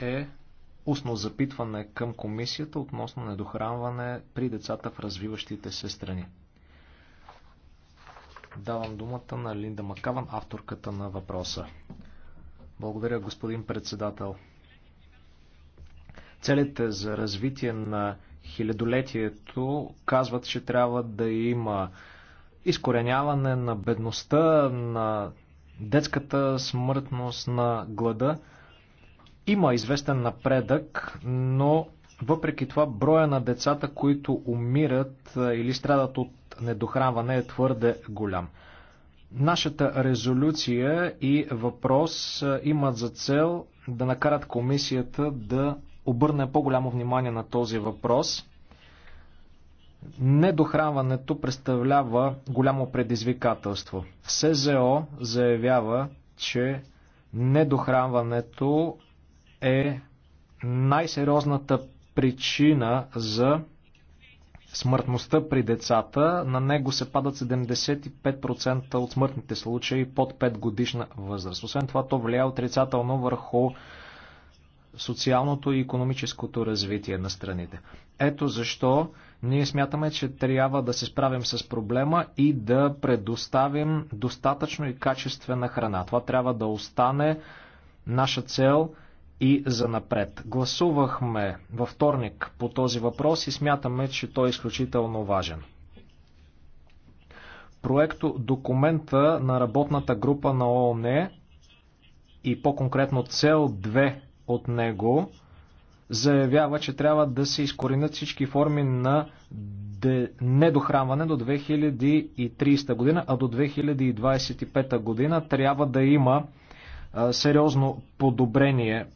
е устно запитване към комисията относно недохранване при децата в развиващите се страни. Давам думата на Линда Макаван, авторката на въпроса. Благодаря, господин председател. Целите за развитие на хилядолетието казват, че трябва да има изкореняване на бедността, на детската смъртност, на глада. Има известен напредък, но въпреки това броя на децата, които умират или страдат от недохранване е твърде голям. Нашата резолюция и въпрос имат за цел да накарат комисията да обърне по-голямо внимание на този въпрос. Недохранването представлява голямо предизвикателство. СЗО заявява, че недохранването е най-сериозната причина за смъртността при децата. На него се падат 75% от смъртните случаи под 5 годишна възраст. Освен това, то влияе отрицателно върху социалното и економическото развитие на страните. Ето защо ние смятаме, че трябва да се справим с проблема и да предоставим достатъчно и качествена храна. Това трябва да остане наша цел – и за напред. Гласувахме във вторник по този въпрос и смятаме, че той е изключително важен. Проекто документа на работната група на ООН и по-конкретно цел 2 от него заявява, че трябва да се изкоренят всички форми на недохранване до 2030 година, а до 2025 година трябва да има сериозно подобрение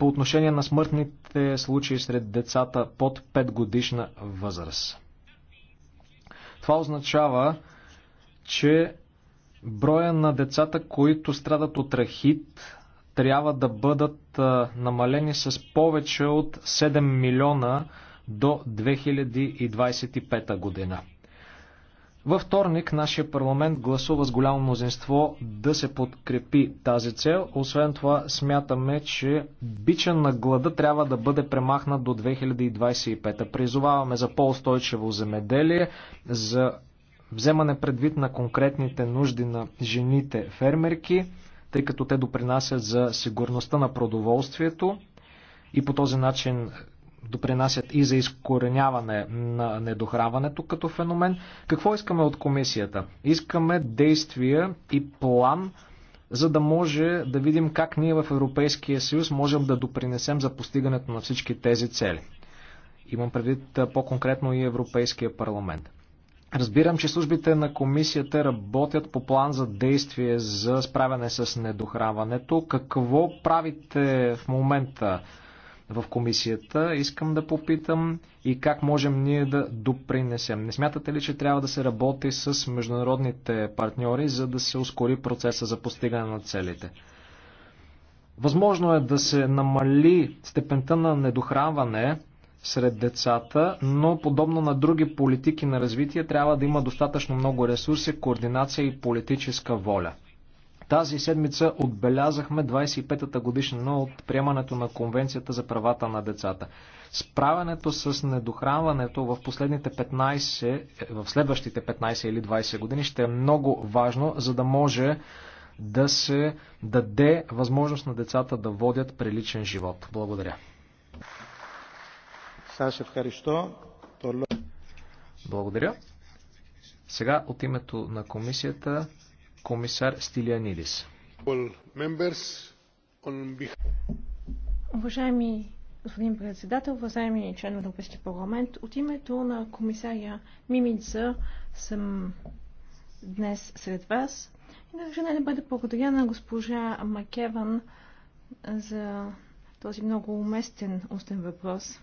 по отношение на смъртните случаи сред децата под 5 годишна възраст. Това означава, че броя на децата, които страдат от рахит, трябва да бъдат намалени с повече от 7 милиона до 2025 година. Във вторник нашия парламент гласува с голямо мнозинство да се подкрепи тази цел. Освен това смятаме, че бича на глада трябва да бъде премахнат до 2025. Призоваваме за по-устойчиво земеделие, за вземане предвид на конкретните нужди на жените фермерки, тъй като те допринасят за сигурността на продоволствието и по този начин допринасят и за изкореняване на недохраването като феномен. Какво искаме от комисията? Искаме действия и план, за да може да видим как ние в Европейския съюз можем да допринесем за постигането на всички тези цели. Имам предвид по-конкретно и Европейския парламент. Разбирам, че службите на комисията работят по план за действие за справяне с недохраването. Какво правите в момента в комисията, искам да попитам и как можем ние да допринесем. Не смятате ли, че трябва да се работи с международните партньори, за да се ускори процеса за постигане на целите? Възможно е да се намали степента на недохранване сред децата, но подобно на други политики на развитие трябва да има достатъчно много ресурси, координация и политическа воля. Тази седмица отбелязахме 25-та годишнина от приемането на Конвенцията за правата на децата. Справянето с недохранването в последните 15, в следващите 15 или 20 години ще е много важно, за да може да се даде възможност на децата да водят приличен живот. Благодаря. Благодаря. Сега от името на комисията комисар Стилианидис. Уважаеми господин председател, уважаеми член на Европейския парламент, от името на комисаря Мимица съм днес сред вас и държа не да бъда благодаря на госпожа Макеван за този много уместен устен въпрос.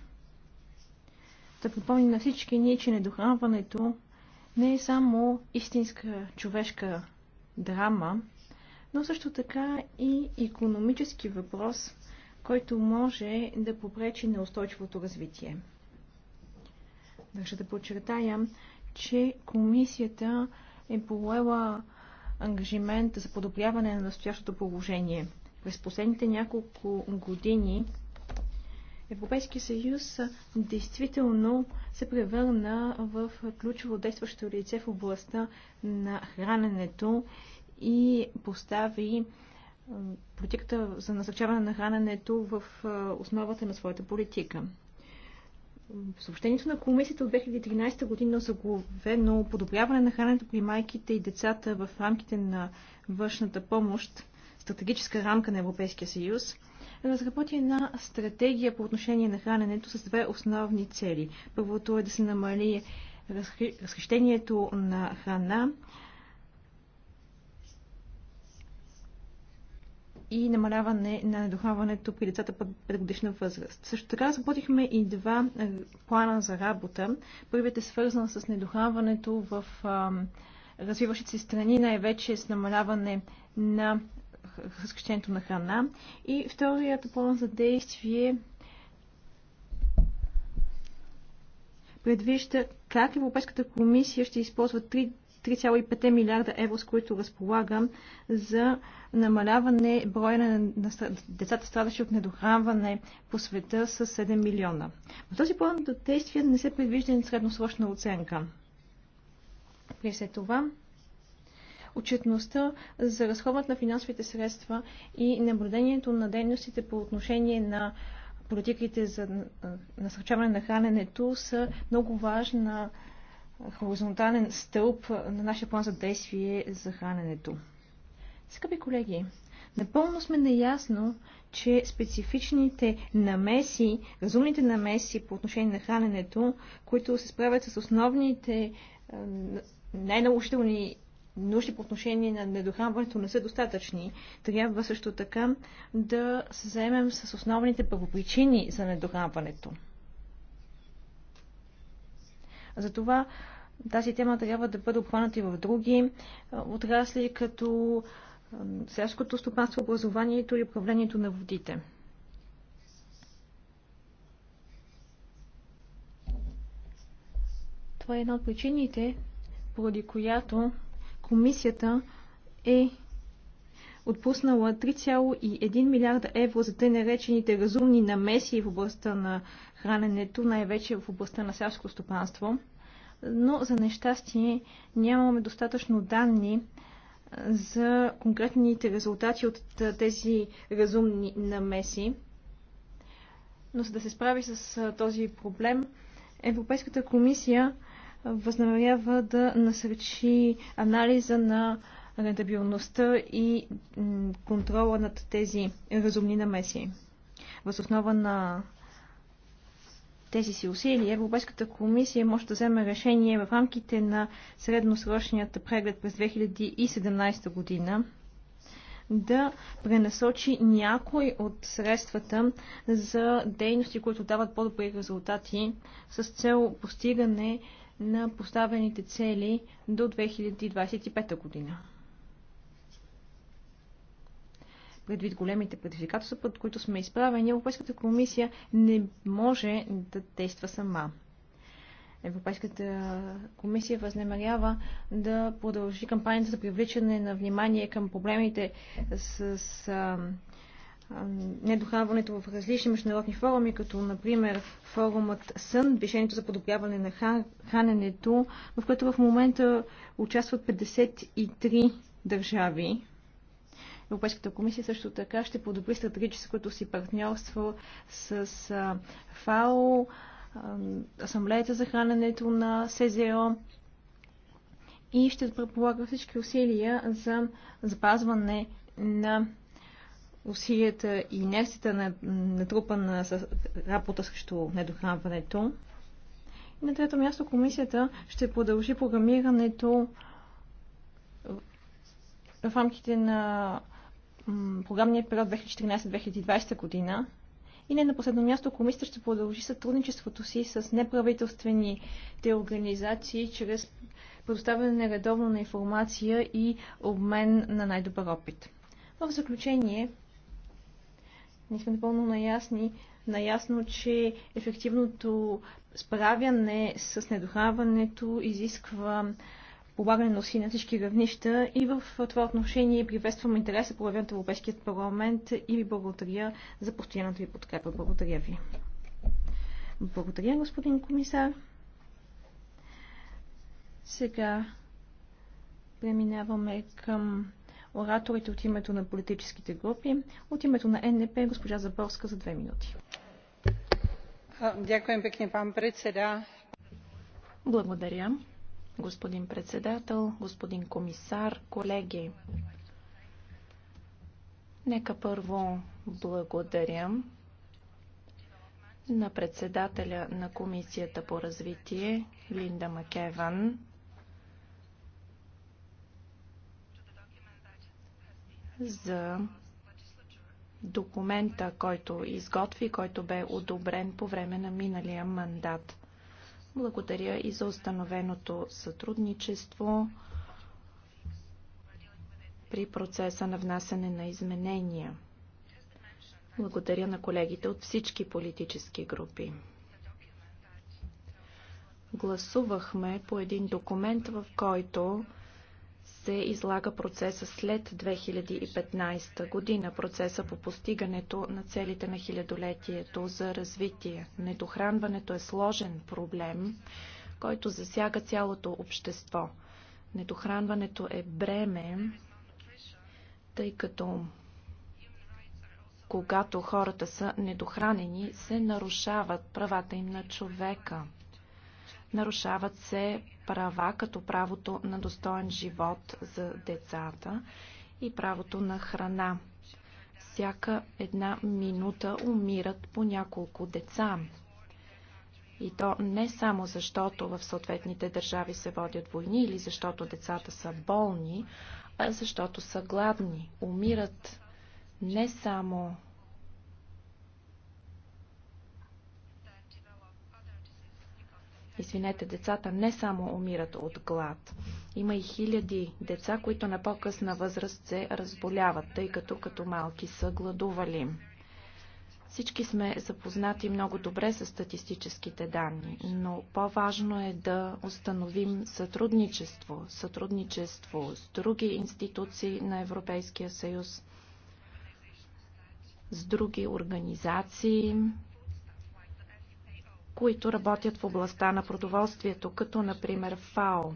Да припомни на всички ние, че недохранването не е само истинска човешка драма, но също така и економически въпрос, който може да попречи на устойчивото развитие. Държа да подчертая, че комисията е поела ангажимент за подобряване на настоящото положение. През последните няколко години Европейския съюз действително се превърна в ключово действащо лице в областта на храненето и постави политиката за насърчаване на храненето в основата на своята политика. Съобщението на комисията от 2013 година за главено подобряване на храненето при майките и децата в рамките на външната помощ, стратегическа рамка на Европейския съюз, разработи една стратегия по отношение на храненето с две основни цели. Първото е да се намали разхищението на храна и намаляване на недохаването при децата под предгодишна възраст. Също така разработихме и два е, плана за работа. Първият е свързан с недохаването в развиващите се страни, най-вече с намаляване на разкъщението на храна. И вторият план за действие предвижда как Европейската комисия ще използва 3,5 милиарда евро, с които разполагам, за намаляване броя на, на, децата страдащи от недохранване по света с 7 милиона. В този план за действие не се предвижда средносрочна оценка. При след това отчетността за разходът на финансовите средства и наблюдението на дейностите по отношение на политиките за насърчаване на храненето са много важна хоризонтален стълб на нашия план за действие за храненето. Скъпи колеги, напълно сме наясно, че специфичните намеси, разумните намеси по отношение на храненето, които се справят с основните най-наложителни нужди по отношение на недохранването не са достатъчни. Трябва също така да се заемем с основните първопричини за недохранването. Затова тази тема трябва да бъде обхваната и в други е, отрасли, като е, селското стопанство, образованието и управлението на водите. Това е една от причините, поради която комисията е отпуснала 3,1 милиарда евро за тъй наречените разумни намеси в областта на храненето, най-вече в областта на селско стопанство. Но за нещастие нямаме достатъчно данни за конкретните резултати от тези разумни намеси. Но за да се справи с този проблем, Европейската комисия възнамерява да насречи анализа на рентабилността и контрола над тези разумни намеси. Възоснова на тези си усилия, Европейската комисия може да вземе решение в рамките на средносрочният преглед през 2017 година да пренасочи някой от средствата за дейности, които дават по-добри резултати с цел постигане на поставените цели до 2025 година. Предвид големите предизвикателства, под които сме изправени, Европейската комисия не може да действа сама. Европейската комисия възнамерява да продължи кампанията за привличане на внимание към проблемите с, с недохранването в различни международни форуми, като например форумът Сън, движението за подобряване на храненето, в което в момента участват 53 държави. Европейската комисия също така ще подобри стратегическото си партньорство с ФАО, Асамблеята за храненето на СЗО и ще предполага всички усилия за запазване на усилията и инерцията на натрупана с работа срещу недохранването. И на трето място комисията ще продължи програмирането в рамките на програмния период 2014-2020 година. И не на последно място, комисията ще продължи сътрудничеството си с неправителствените организации чрез предоставяне редовно на информация и обмен на най-добър опит. В заключение, не сме напълно наясни, наясно, че ефективното справяне с недохраването изисква полагане на усилия на всички равнища и в това отношение приветствам интереса, проявен от Европейският парламент и ви благодаря за постоянната ви подкрепа. Благодаря ви. Благодаря, господин комисар. Сега преминаваме към ораторите от името на политическите групи. От името на НДП госпожа Заборска за две минути. Дякуем пекне, пан председа. Благодаря, господин председател, господин комисар, колеги. Нека първо благодаря на председателя на Комисията по развитие Линда Макеван за документа, който изготви, който бе одобрен по време на миналия мандат. Благодаря и за установеното сътрудничество при процеса на внасяне на изменения. Благодаря на колегите от всички политически групи. Гласувахме по един документ, в който се излага процеса след 2015 година, процеса по постигането на целите на хилядолетието за развитие. Недохранването е сложен проблем, който засяга цялото общество. Недохранването е бреме, тъй като когато хората са недохранени, се нарушават правата им на човека – Нарушават се права, като правото на достоен живот за децата и правото на храна. Всяка една минута умират по няколко деца. И то не само защото в съответните държави се водят войни или защото децата са болни, а защото са гладни. Умират не само извинете, децата не само умират от глад. Има и хиляди деца, които на по-късна възраст се разболяват, тъй като като малки са гладували. Всички сме запознати много добре с статистическите данни, но по-важно е да установим сътрудничество, сътрудничество с други институции на Европейския съюз, с други организации, които работят в областта на продоволствието, като например ФАО.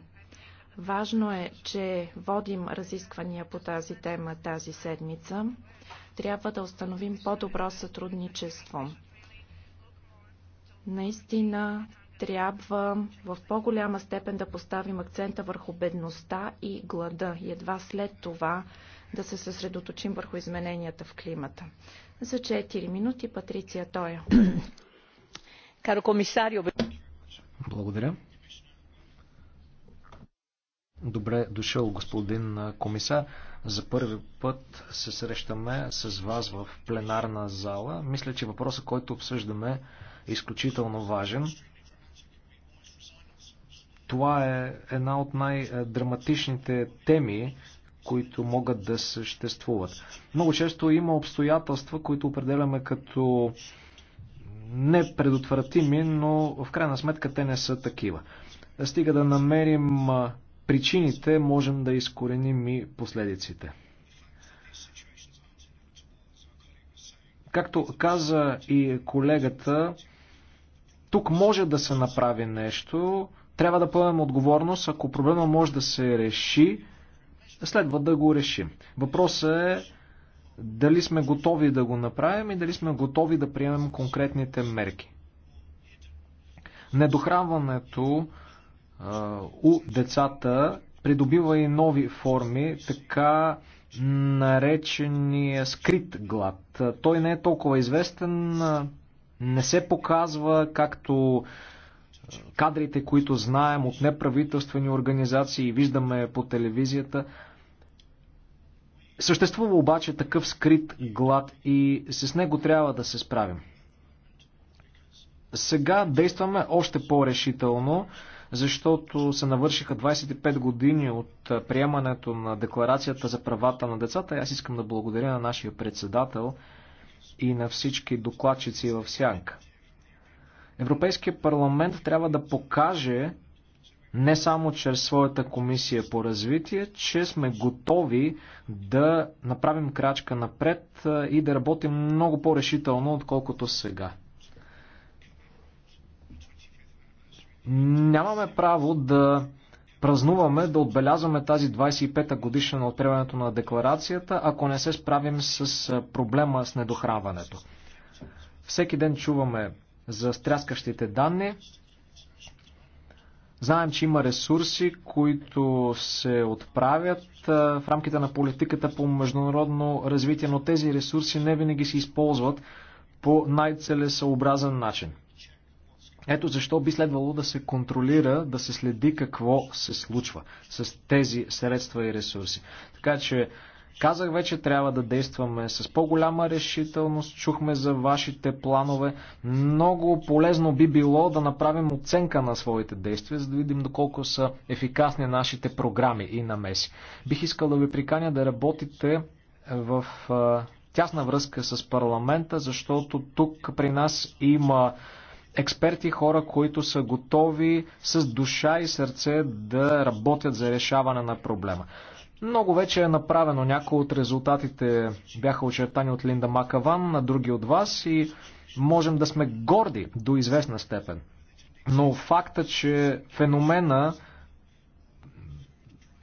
Важно е, че водим разисквания по тази тема тази седмица. Трябва да установим по-добро сътрудничество. Наистина трябва в по-голяма степен да поставим акцента върху бедността и глада и едва след това да се съсредоточим върху измененията в климата. За 4 минути Патриция Тоя комисарио. Благодаря. Добре дошъл, господин комисар. За първи път се срещаме с вас в пленарна зала. Мисля, че въпросът, който обсъждаме, е изключително важен. Това е една от най-драматичните теми, които могат да съществуват. Много често има обстоятелства, които определяме като непредотвратими, но в крайна сметка те не са такива. Стига да намерим причините, можем да изкореним и последиците. Както каза и колегата, тук може да се направи нещо, трябва да поемем отговорност, ако проблема може да се реши, следва да го решим. Въпросът е дали сме готови да го направим и дали сме готови да приемем конкретните мерки. Недохранването а, у децата придобива и нови форми, така наречения скрит глад. Той не е толкова известен, не се показва както кадрите, които знаем от неправителствени организации и виждаме по телевизията – Съществува обаче такъв скрит глад и с него трябва да се справим. Сега действаме още по-решително, защото се навършиха 25 години от приемането на Декларацията за правата на децата. Аз искам да благодаря на нашия председател и на всички докладчици в Сянка. Европейския парламент трябва да покаже, не само чрез своята комисия по развитие, че сме готови да направим крачка напред и да работим много по-решително, отколкото сега. Нямаме право да празнуваме, да отбелязваме тази 25-та годишна на отреването на декларацията, ако не се справим с проблема с недохранването. Всеки ден чуваме за стряскащите данни, Знаем, че има ресурси, които се отправят в рамките на политиката по международно развитие, но тези ресурси не винаги се използват по най-целесъобразен начин. Ето защо би следвало да се контролира, да се следи какво се случва с тези средства и ресурси. Така че Казах вече, трябва да действаме с по-голяма решителност. Чухме за вашите планове. Много полезно би било да направим оценка на своите действия, за да видим доколко са ефикасни нашите програми и намеси. Бих искал да ви приканя да работите е, в е, тясна връзка с парламента, защото тук при нас има експерти, хора, които са готови с душа и сърце да работят за решаване на проблема. Много вече е направено. Някои от резултатите бяха очертани от Линда Макаван, на други от вас и можем да сме горди до известна степен. Но факта, че феномена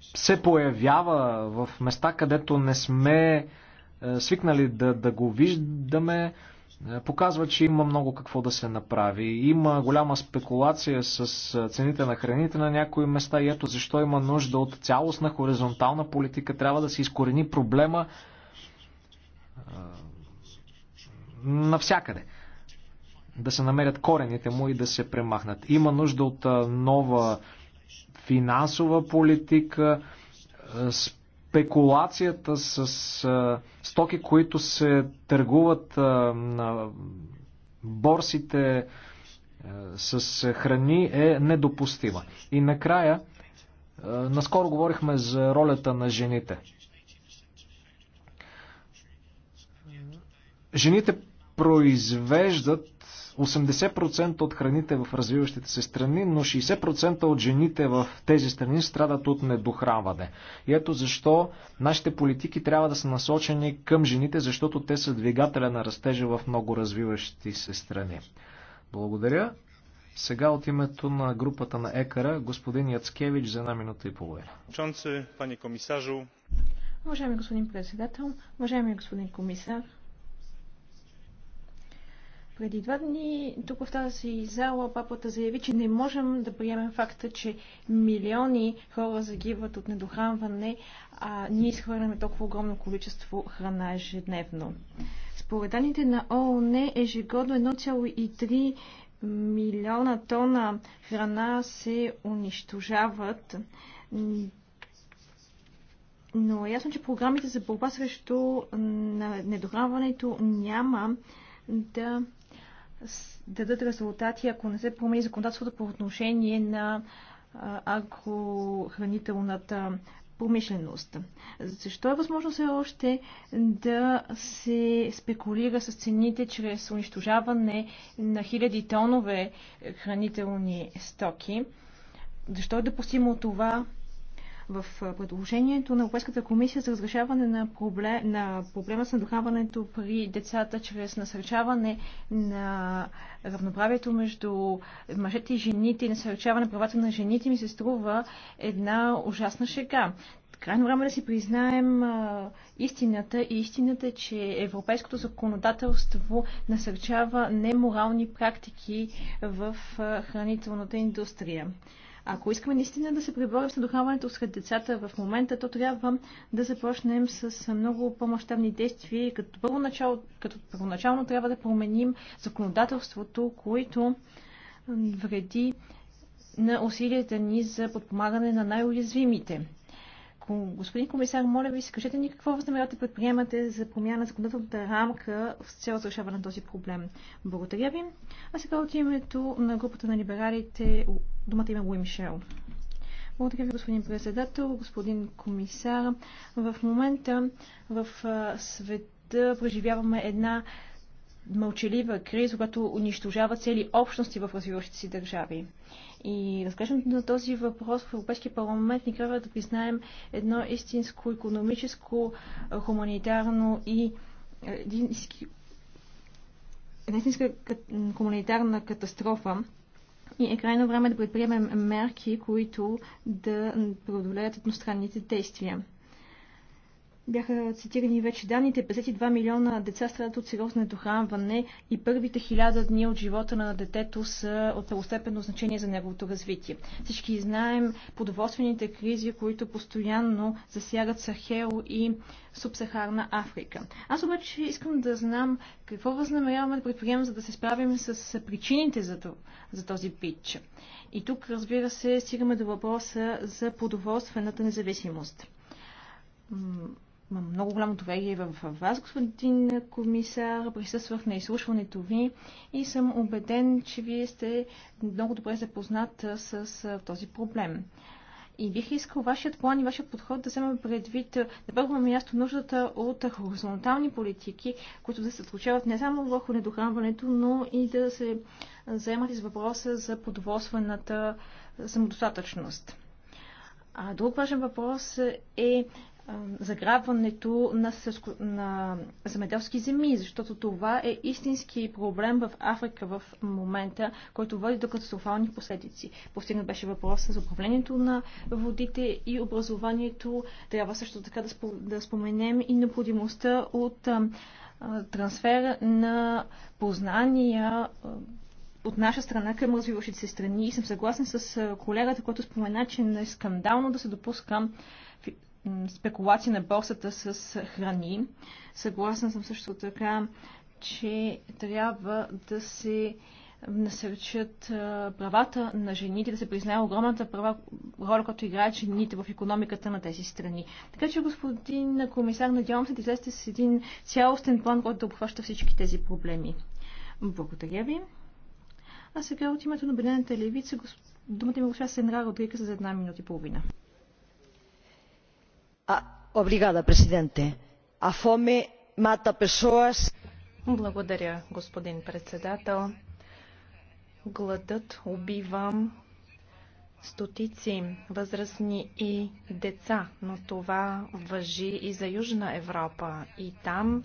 се появява в места, където не сме е, свикнали да, да го виждаме, показва, че има много какво да се направи. Има голяма спекулация с цените на храните на някои места и ето защо има нужда от цялостна хоризонтална политика. Трябва да се изкорени проблема навсякъде. Да се намерят корените му и да се премахнат. Има нужда от нова финансова политика, спекулацията с а, стоки, които се търгуват а, на борсите а, с храни е недопустима. И накрая, а, наскоро говорихме за ролята на жените. Жените произвеждат 80% от храните в развиващите се страни, но 60% от жените в тези страни страдат от недохранване. И ето защо нашите политики трябва да са насочени към жените, защото те са двигателя на растежа в много развиващи се страни. Благодаря. Сега от името на групата на ЕКАРА, господин Яцкевич за една минута и половина. Уважаеми господин председател, уважаеми господин комисар, преди два дни тук в тази зала папата заяви, че не можем да приемем факта, че милиони хора загиват от недохранване, а ние изхвърляме толкова огромно количество храна ежедневно. Според данните на ООН ежегодно 1,3 милиона тона храна се унищожават. Но е ясно, че програмите за борба срещу недохранването няма да дадат резултати, ако не се промени законодателството по отношение на агрохранителната промишленост. Защо е възможно все още да се спекулира с цените чрез унищожаване на хиляди тонове хранителни стоки? Защо е допустимо това в предложението на Европейската комисия за разрешаване на, проблем, на проблема с надухаването при децата чрез насърчаване на равноправието между мъжете и жените и насърчаване на правата на жените ми се струва една ужасна шега крайно време е да си признаем а, истината и истината е, че европейското законодателство насърчава неморални практики в а, хранителната индустрия. Ако искаме наистина да се приборим с надухаването сред децата в момента, то трябва да започнем с много по-масштабни действия. Като, начало, като първоначално трябва да променим законодателството, което вреди на усилията ни за подпомагане на най-уязвимите. Господин комисар, моля ви, скажете ни какво възнамерявате да предприемате за промяна на законодателната рамка в цел за решаване на този проблем. Благодаря ви. А сега от името на групата на либералите думата има Луи Мишел. Благодаря ви, господин председател, господин комисар. В момента в света преживяваме една мълчалива криза, която унищожава цели общности в развиващите си държави. И разглеждането на този въпрос в Европейския парламент ни трябва да признаем едно истинско економическо, хуманитарно и е, един истинска хуманитарна катастрофа, и е крайно време да предприемем мерки, които да преодолеят едностранните действия. Бяха цитирани вече данните. 52 милиона деца страдат от сериозно недохранване и първите хиляда дни от живота на детето са от първостепенно значение за неговото развитие. Всички знаем подоволствените кризи, които постоянно засягат Сахел и Субсахарна Африка. Аз обаче искам да знам какво възнамеряваме да предприемем, за да се справим с причините за този пич. И тук, разбира се, стигаме до въпроса за подоволствената независимост Имам много голямо доверие в вас, господин комисар. Присъствах на изслушването ви и съм убеден, че вие сте много добре запознат с, с този проблем. И бих искал вашият план и вашият подход да вземем предвид на първо място нуждата от хоризонтални политики, които да се случават не само върху недохранването, но и да се заемат с въпроса за продоволствената самодостатъчност. А друг важен въпрос е заграбването на, сърско, на земеделски земи, защото това е истински проблем в Африка в момента, който води до катастрофални последици. Повтигнат беше въпроса за управлението на водите и образованието. Трябва също така да, спо, да споменем и необходимостта от а, а, трансфер на познания от наша страна към развиващите се страни. И съм съгласен с колегата, който спомена, че не е скандално да се допуска спекулации на борсата с храни. Съгласна съм също така, че трябва да се насърчат правата на жените, да се признае огромната права, роля, която играят жените в економиката на тези страни. Така че, господин комисар, надявам се да излезете с един цялостен план, който да обхваща всички тези проблеми. Благодаря ви. А сега от името на Обединената левица думата ми госпожа Сенра Родрика за една минута и половина. Благодаря, господин председател. Гладът убива стотици възрастни и деца, но това въжи и за Южна Европа. И там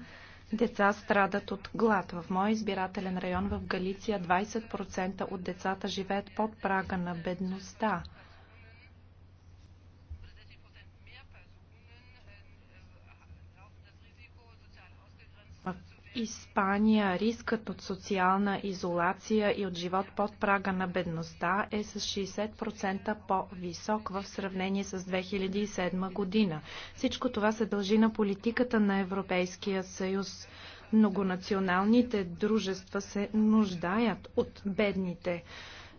деца страдат от глад. В мой избирателен район в Галиция 20% от децата живеят под прага на бедността. Испания рискът от социална изолация и от живот под прага на бедността е с 60% по-висок в сравнение с 2007 година. Всичко това се дължи на политиката на Европейския съюз. Многонационалните дружества се нуждаят от бедните,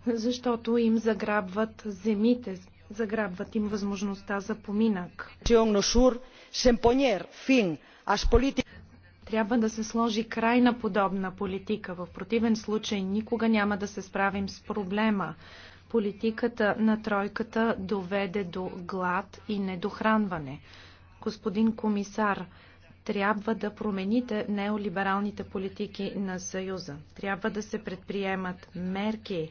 защото им заграбват земите, заграбват им възможността за поминък. Трябва да се сложи край на подобна политика. В противен случай никога няма да се справим с проблема. Политиката на тройката доведе до глад и недохранване. Господин комисар, трябва да промените неолибералните политики на Съюза. Трябва да се предприемат мерки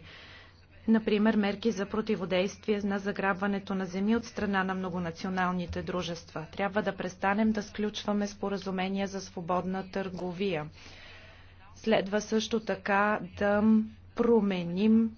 например мерки за противодействие на заграбването на земи от страна на многонационалните дружества. Трябва да престанем да сключваме споразумения за свободна търговия. Следва също така да променим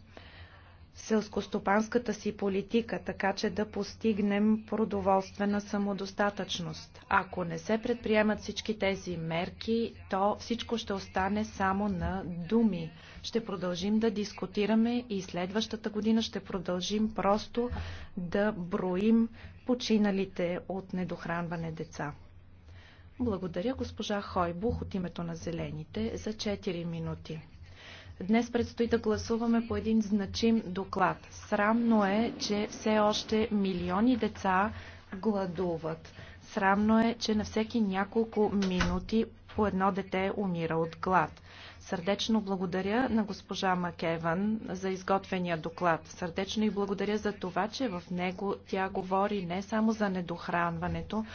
селскостопанската си политика, така че да постигнем продоволствена самодостатъчност. Ако не се предприемат всички тези мерки, то всичко ще остане само на думи. Ще продължим да дискутираме и следващата година ще продължим просто да броим починалите от недохранване деца. Благодаря госпожа Хойбух от името на Зелените за 4 минути. Днес предстои да гласуваме по един значим доклад. Срамно е, че все още милиони деца гладуват. Срамно е, че на всеки няколко минути по едно дете умира от глад. Сърдечно благодаря на госпожа Макеван за изготвения доклад. Сърдечно и благодаря за това, че в него тя говори не само за недохранването,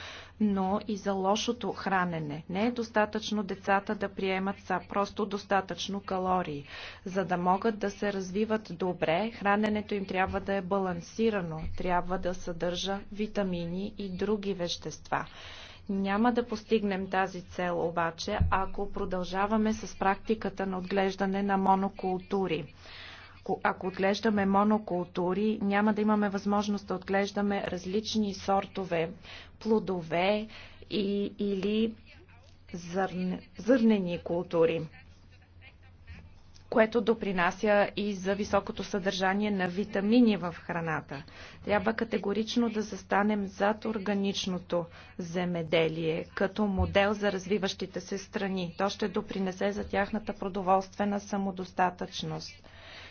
но и за лошото хранене. Не е достатъчно децата да приемат са просто достатъчно калории. За да могат да се развиват добре, храненето им трябва да е балансирано, трябва да съдържа витамини и други вещества. Няма да постигнем тази цел обаче, ако продължаваме с практиката на отглеждане на монокултури ако отглеждаме монокултури, няма да имаме възможност да отглеждаме различни сортове плодове и, или зърн, зърнени култури, което допринася и за високото съдържание на витамини в храната. Трябва категорично да застанем зад органичното земеделие като модел за развиващите се страни. То ще допринесе за тяхната продоволствена самодостатъчност.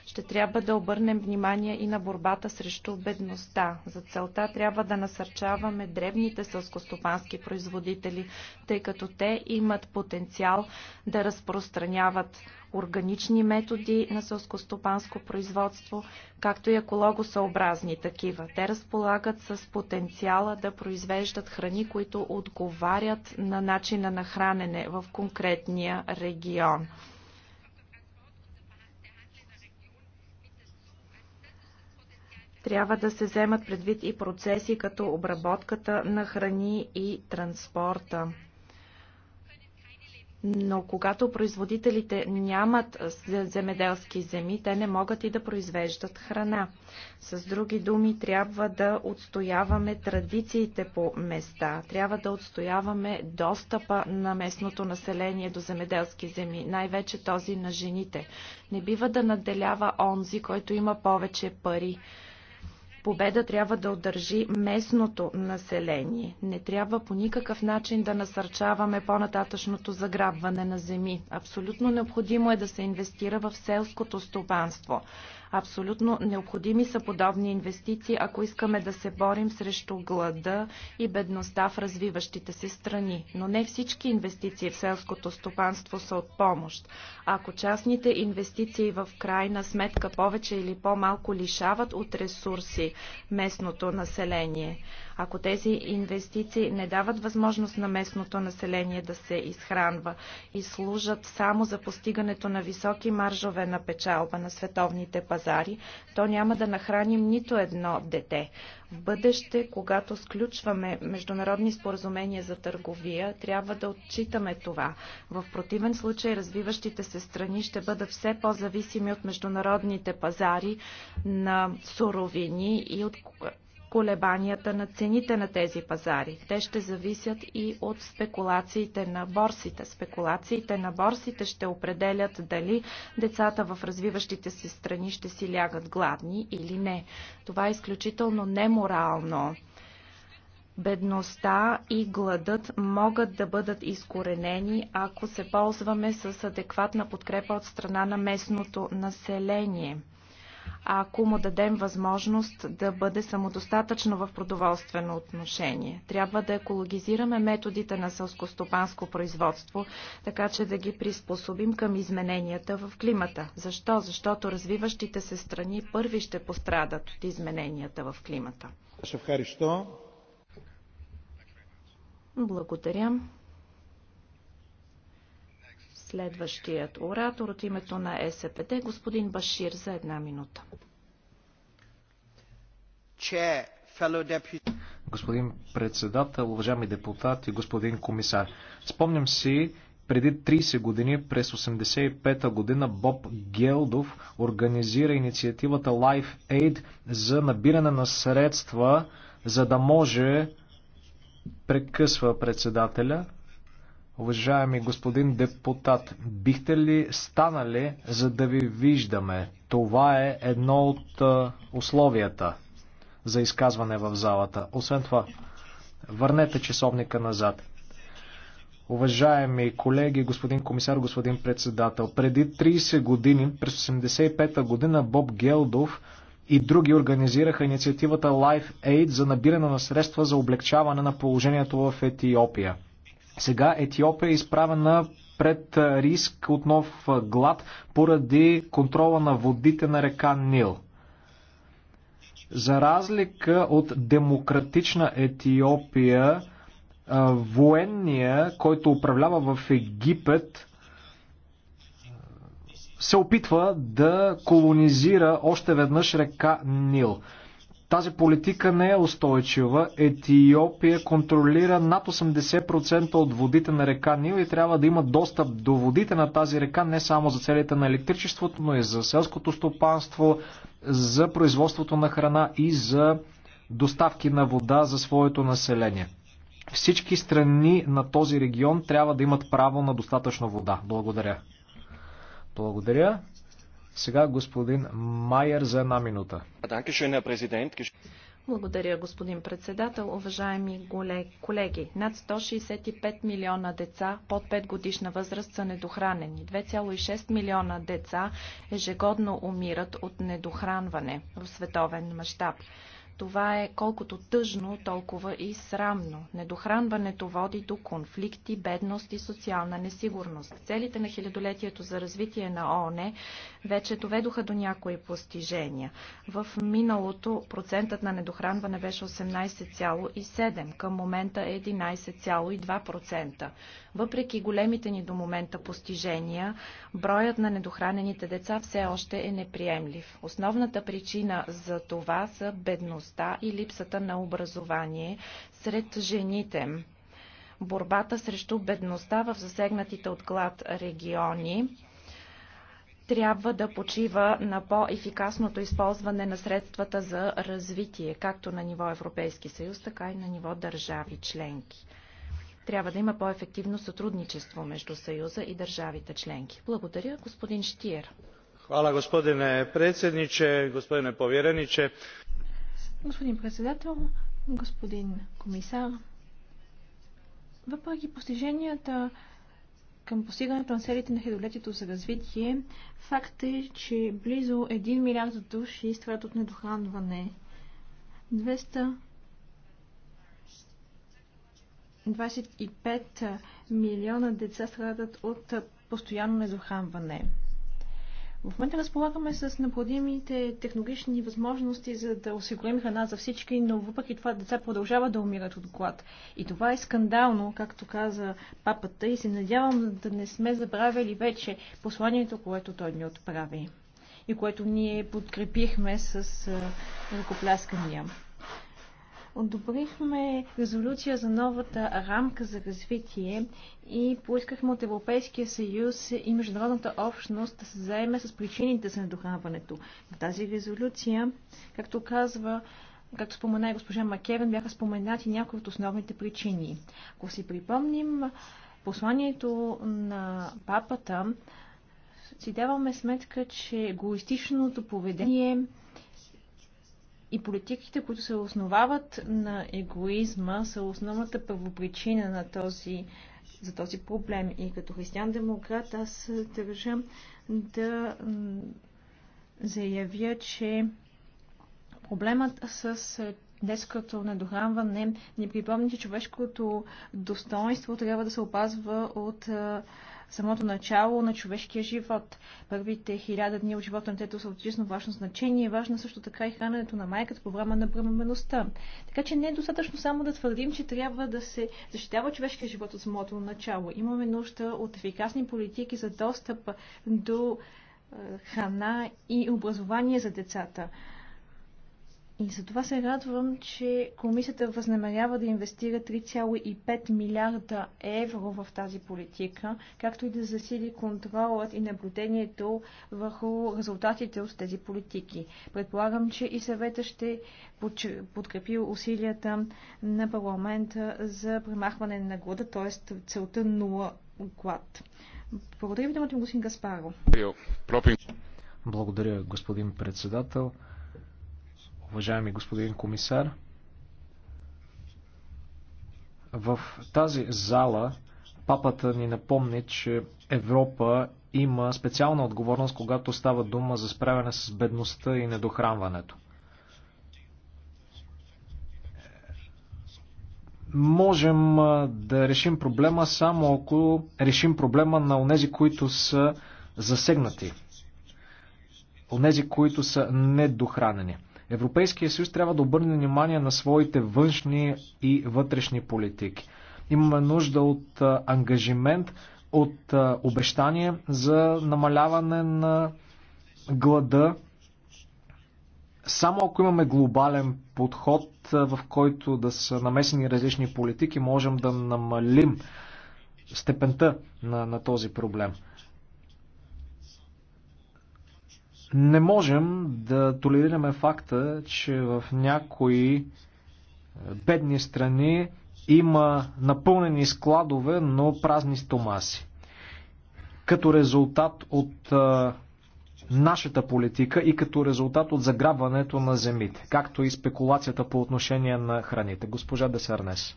Ще трябва да обърнем внимание и на борбата срещу бедността. За целта трябва да насърчаваме древните сълскостопански производители, тъй като те имат потенциал да разпространяват органични методи на сълскостопанско производство, както и екологосъобразни такива. Те разполагат с потенциала да произвеждат храни, които отговарят на начина на хранене в конкретния регион. трябва да се вземат предвид и процеси като обработката на храни и транспорта. Но когато производителите нямат земеделски земи, те не могат и да произвеждат храна. С други думи, трябва да отстояваме традициите по места, трябва да отстояваме достъпа на местното население до земеделски земи, най-вече този на жените. Не бива да надделява онзи, който има повече пари. Победа трябва да удържи местното население. Не трябва по никакъв начин да насърчаваме по-нататъчното заграбване на земи. Абсолютно необходимо е да се инвестира в селското стопанство. Абсолютно необходими са подобни инвестиции, ако искаме да се борим срещу глада и бедността в развиващите се страни. Но не всички инвестиции в селското стопанство са от помощ. Ако частните инвестиции в крайна сметка повече или по-малко лишават от ресурси местното население, ако тези инвестиции не дават възможност на местното население да се изхранва и служат само за постигането на високи маржове на печалба на световните пазари, то няма да нахраним нито едно дете. В бъдеще, когато сключваме международни споразумения за търговия, трябва да отчитаме това. В противен случай развиващите се страни ще бъдат все по-зависими от международните пазари на суровини и от колебанията на цените на тези пазари. Те ще зависят и от спекулациите на борсите. Спекулациите на борсите ще определят дали децата в развиващите се страни ще си лягат гладни или не. Това е изключително неморално. Бедността и гладът могат да бъдат изкоренени, ако се ползваме с адекватна подкрепа от страна на местното население ако му дадем възможност да бъде самодостатъчно в продоволствено отношение. Трябва да екологизираме методите на сълскостопанско производство, така че да ги приспособим към измененията в климата. Защо? Защото развиващите се страни първи ще пострадат от измененията в климата. Благодаря. Следващият оратор от името на СПД, господин Башир, за една минута. Господин председател, уважаеми депутати, господин комисар, спомням си преди 30 години, през 85-та година, Боб Гелдов организира инициативата Life Aid за набиране на средства, за да може прекъсва председателя. Уважаеми господин депутат, бихте ли станали, за да ви виждаме? Това е едно от условията за изказване в залата. Освен това, върнете часовника назад. Уважаеми колеги, господин комисар, господин председател, преди 30 години, през 85-та година, Боб Гелдов и други организираха инициативата Life Aid за набиране на средства за облегчаване на положението в Етиопия. Сега Етиопия е изправена пред риск от нов глад поради контрола на водите на река Нил. За разлика от демократична Етиопия, военния, който управлява в Египет, се опитва да колонизира още веднъж река Нил. Тази политика не е устойчива. Етиопия контролира над 80% от водите на река Нил и трябва да има достъп до водите на тази река не само за целите на електричеството, но и за селското стопанство, за производството на храна и за доставки на вода за своето население. Всички страни на този регион трябва да имат право на достатъчно вода. Благодаря. Благодаря. Сега господин Майер за една минута. Благодаря, господин председател. Уважаеми колеги, над 165 милиона деца под 5 годишна възраст са недохранени. 2,6 милиона деца ежегодно умират от недохранване в световен мащаб. Това е колкото тъжно, толкова и срамно. Недохранването води до конфликти, бедност и социална несигурност. Целите на хилядолетието за развитие на ООН вече доведоха до някои постижения. В миналото процентът на недохранване беше 18,7, към момента е 11,2%. Въпреки големите ни до момента постижения, броят на недохранените деца все още е неприемлив. Основната причина за това са бедност бедността и липсата на образование сред жените. Борбата срещу бедността в засегнатите от глад региони трябва да почива на по-ефикасното използване на средствата за развитие, както на ниво Европейски съюз, така и на ниво държави членки. Трябва да има по-ефективно сътрудничество между Съюза и държавите членки. Благодаря, господин Штиер. Хвала господине председниче, господине Поверениче, Господин председател, господин комисар, въпреки постиженията към постигането на целите на хилядолетието за развитие, факт е, че близо 1 милиард души страдат от недохранване. 200 25 милиона деца страдат от постоянно недохранване. В момента разполагаме с необходимите технологични възможности, за да осигурим храна за всички, но въпреки това деца продължават да умират от глад. И това е скандално, както каза папата, и се надявам да не сме забравили вече посланието, което той ни отправи и което ние подкрепихме с е, ръкопляскания одобрихме резолюция за новата рамка за развитие и поискахме от Европейския съюз и международната общност да се заеме с причините за недохранването. В тази резолюция, както казва както спомена и госпожа Макевен, бяха споменати някои от основните причини. Ако си припомним посланието на папата, си даваме сметка, че егоистичното поведение и политиките, които се основават на егоизма, са основната първопричина на този, за този проблем. И като християн-демократ аз държа да заявя, че проблемът с е, детското недохранване ни припомни, че човешкото достоинство трябва да се опазва от е, самото начало на човешкия живот. Първите хиляда дни от живота на детето са от важно значение. Важно също така и храненето на майката по време на бременността. Така че не е достатъчно само да твърдим, че трябва да се защитава човешкия живот от самото начало. Имаме нужда от ефикасни политики за достъп до е, храна и образование за децата. И за това се радвам, че комисията възнамерява да инвестира 3,5 милиарда евро в тази политика, както и да засили контролът и наблюдението върху резултатите от тези политики. Предполагам, че и съвета ще подкрепи усилията на парламента за премахване на глада, т.е. целта 0 глад. Благодаря ви, господин Гаспаро. Благодаря, господин председател уважаеми господин комисар. В тази зала папата ни напомни, че Европа има специална отговорност, когато става дума за справяне с бедността и недохранването. Можем да решим проблема само ако решим проблема на онези, които са засегнати, онези, които са недохранени. Европейския съюз трябва да обърне внимание на своите външни и вътрешни политики. Имаме нужда от ангажимент, от обещание за намаляване на глада. Само ако имаме глобален подход, в който да са намесени различни политики, можем да намалим степента на, на този проблем. Не можем да толерираме факта, че в някои е, бедни страни има напълнени складове, но празни стомаси. Като резултат от е, нашата политика и като резултат от заграбването на земите, както и спекулацията по отношение на храните. Госпожа Десарнес.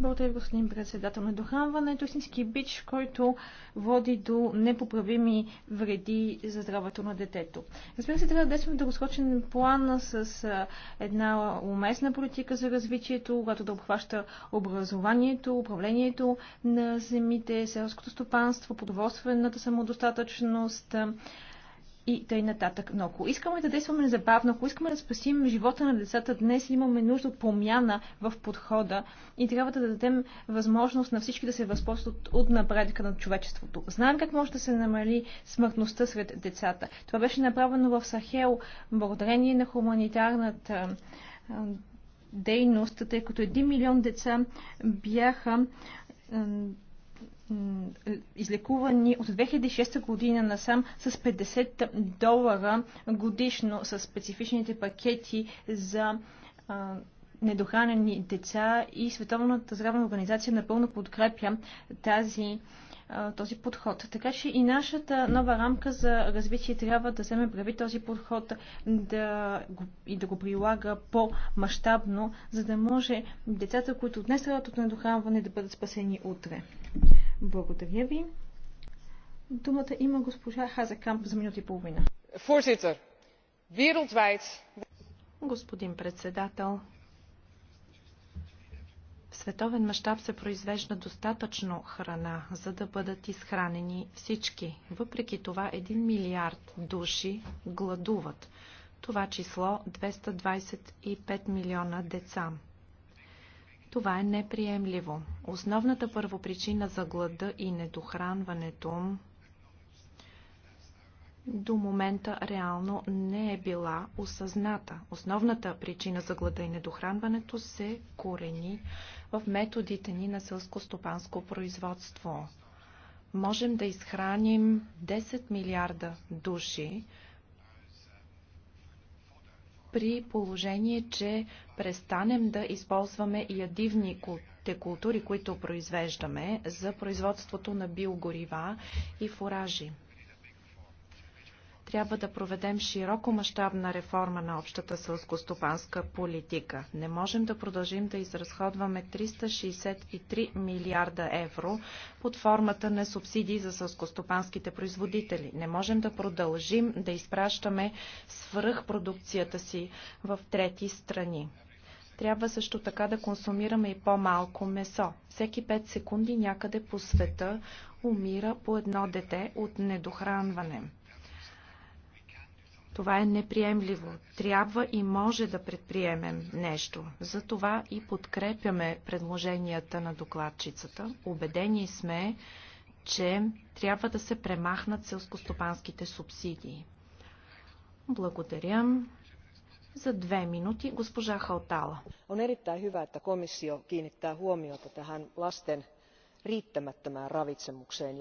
Благодаря, господин председател. Недохранването е истински бич, който води до непоправими вреди за здравето на детето. Разбира се, трябва да действаме дългосрочен план с една уместна политика за развитието, която да обхваща образованието, управлението на земите, селското стопанство, продоволствената самодостатъчност, и тъй нататък. Но ако искаме да действаме незабавно, ако искаме да спасим живота на децата днес, имаме нужда от промяна в подхода и трябва да дадем възможност на всички да се възползват от напредъка на човечеството. Знаем как може да се намали смъртността сред децата. Това беше направено в Сахел благодарение на хуманитарната дейност, тъй като 1 милион деца бяха е, излекувани от 2006 година насам с 50 долара годишно с специфичните пакети за а, недохранени деца и Световната здравна организация напълно подкрепя тази този подход. Така че и нашата нова рамка за развитие трябва да вземе прави този подход да и да го прилага по-масштабно, за да може децата, които днес страдат от недохранване, да бъдат спасени утре. Благодаря ви. Думата има госпожа Хазекамп за минути и половина. Voorzitter, wereldwijd... Господин председател, в световен мащаб се произвежда достатъчно храна, за да бъдат изхранени всички. Въпреки това 1 милиард души гладуват. Това число 225 милиона деца. Това е неприемливо. Основната първопричина за глада и недохранването до момента реално не е била осъзната. Основната причина за глада и недохранването се корени в методите ни на сълско-стопанско производство. Можем да изхраним 10 милиарда души, при положение, че престанем да използваме ядивни култури, които произвеждаме за производството на биогорива и фуражи трябва да проведем широко мащабна реформа на общата сълскостопанска политика. Не можем да продължим да изразходваме 363 милиарда евро под формата на субсидии за сълскостопанските производители. Не можем да продължим да изпращаме свръхпродукцията си в трети страни. Трябва също така да консумираме и по-малко месо. Всеки 5 секунди някъде по света умира по едно дете от недохранване. Това е неприемливо. Трябва и може да предприемем нещо. Затова и подкрепяме предложенията на докладчицата. Обедени сме, че трябва да се премахнат селскостопанските субсидии. Благодаря. За две минути госпожа Халтала. On erittäin hyvä, että komissio kiinnittää huomiota tähän lasten riittämättömään ravitsemukseen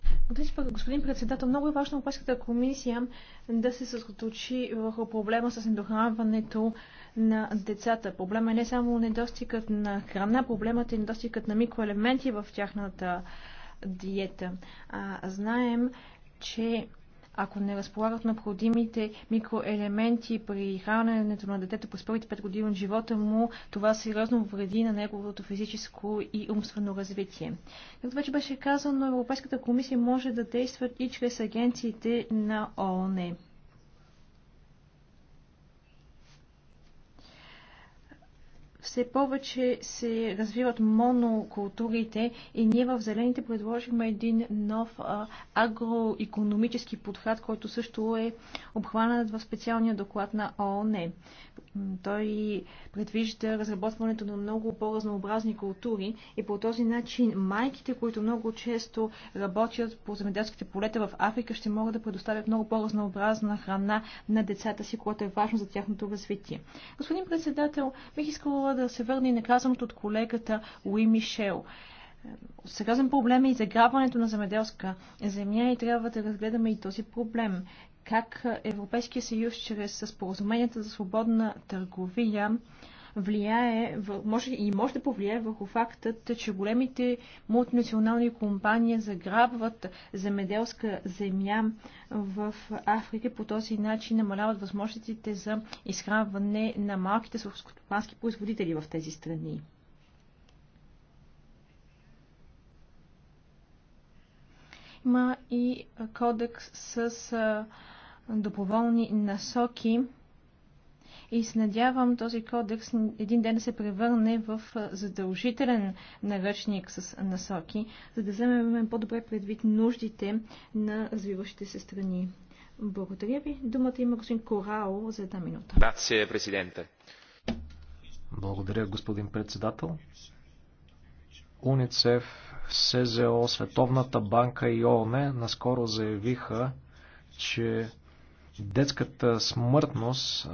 господин председател, много е важно Европейската комисия да се съсредоточи върху проблема с недохранването на децата. Проблема е не само недостигът на храна, проблемът е недостигът на микроелементи в тяхната диета. А, знаем, че ако не разполагат необходимите микроелементи при храненето на детето през първите 5 години от живота му, това сериозно вреди на неговото физическо и умствено развитие. Както вече беше казано, Европейската комисия може да действа и чрез агенциите на ООН. все повече се развиват монокултурите и ние в Зелените предложихме един нов агроекономически подход, който също е обхванат в специалния доклад на ООН. Той предвижда разработването на много по-разнообразни култури и по този начин майките, които много често работят по земеделските полета в Африка, ще могат да предоставят много по-разнообразна храна на децата си, което е важно за тяхното развитие. Господин председател, бих искала да се върне и наказаното от колегата Луи Мишел. Сериозен проблем е изиграването на земеделска земя и трябва да разгледаме и този проблем. Как Европейския съюз чрез споразуменията за свободна търговия влияе, може и може да повлияе върху фактът, че големите мултинационални компании заграбват земеделска земя в Африка. По този начин намаляват възможностите за изхранване на малките селскостопански производители в тези страни. Има и кодекс с доброволни насоки и се надявам този кодекс един ден да се превърне в задължителен наръчник с насоки, за да вземем по-добре предвид нуждите на развиващите се страни. Благодаря ви. Думата има господин Корао за една минута. Грация, президента. Благодаря, господин председател. УНИЦЕФ, СЗО, Световната банка и ООН наскоро заявиха, че детската смъртност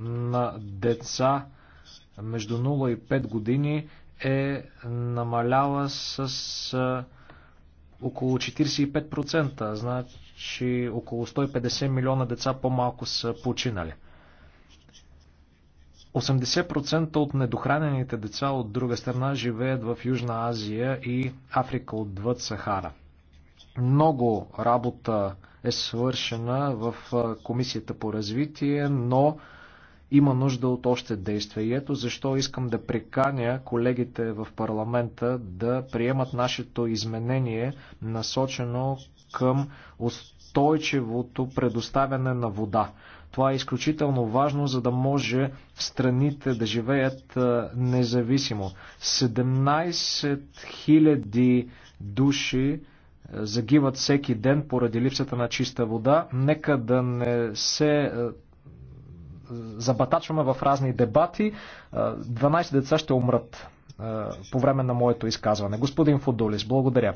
на деца между 0 и 5 години е намаляла с около 45%, значи около 150 милиона деца по-малко са починали. 80% от недохранените деца от друга страна живеят в Южна Азия и Африка отвъд Сахара. Много работа е свършена в Комисията по развитие, но има нужда от още действия. И ето защо искам да приканя колегите в парламента да приемат нашето изменение, насочено към устойчивото предоставяне на вода. Това е изключително важно, за да може страните да живеят независимо. 17 000 души загиват всеки ден поради липсата на чиста вода. Нека да не се забатачваме в разни дебати, 12 е, деца ще умрат е, по време на моето изказване. Господин Фудулис, благодаря.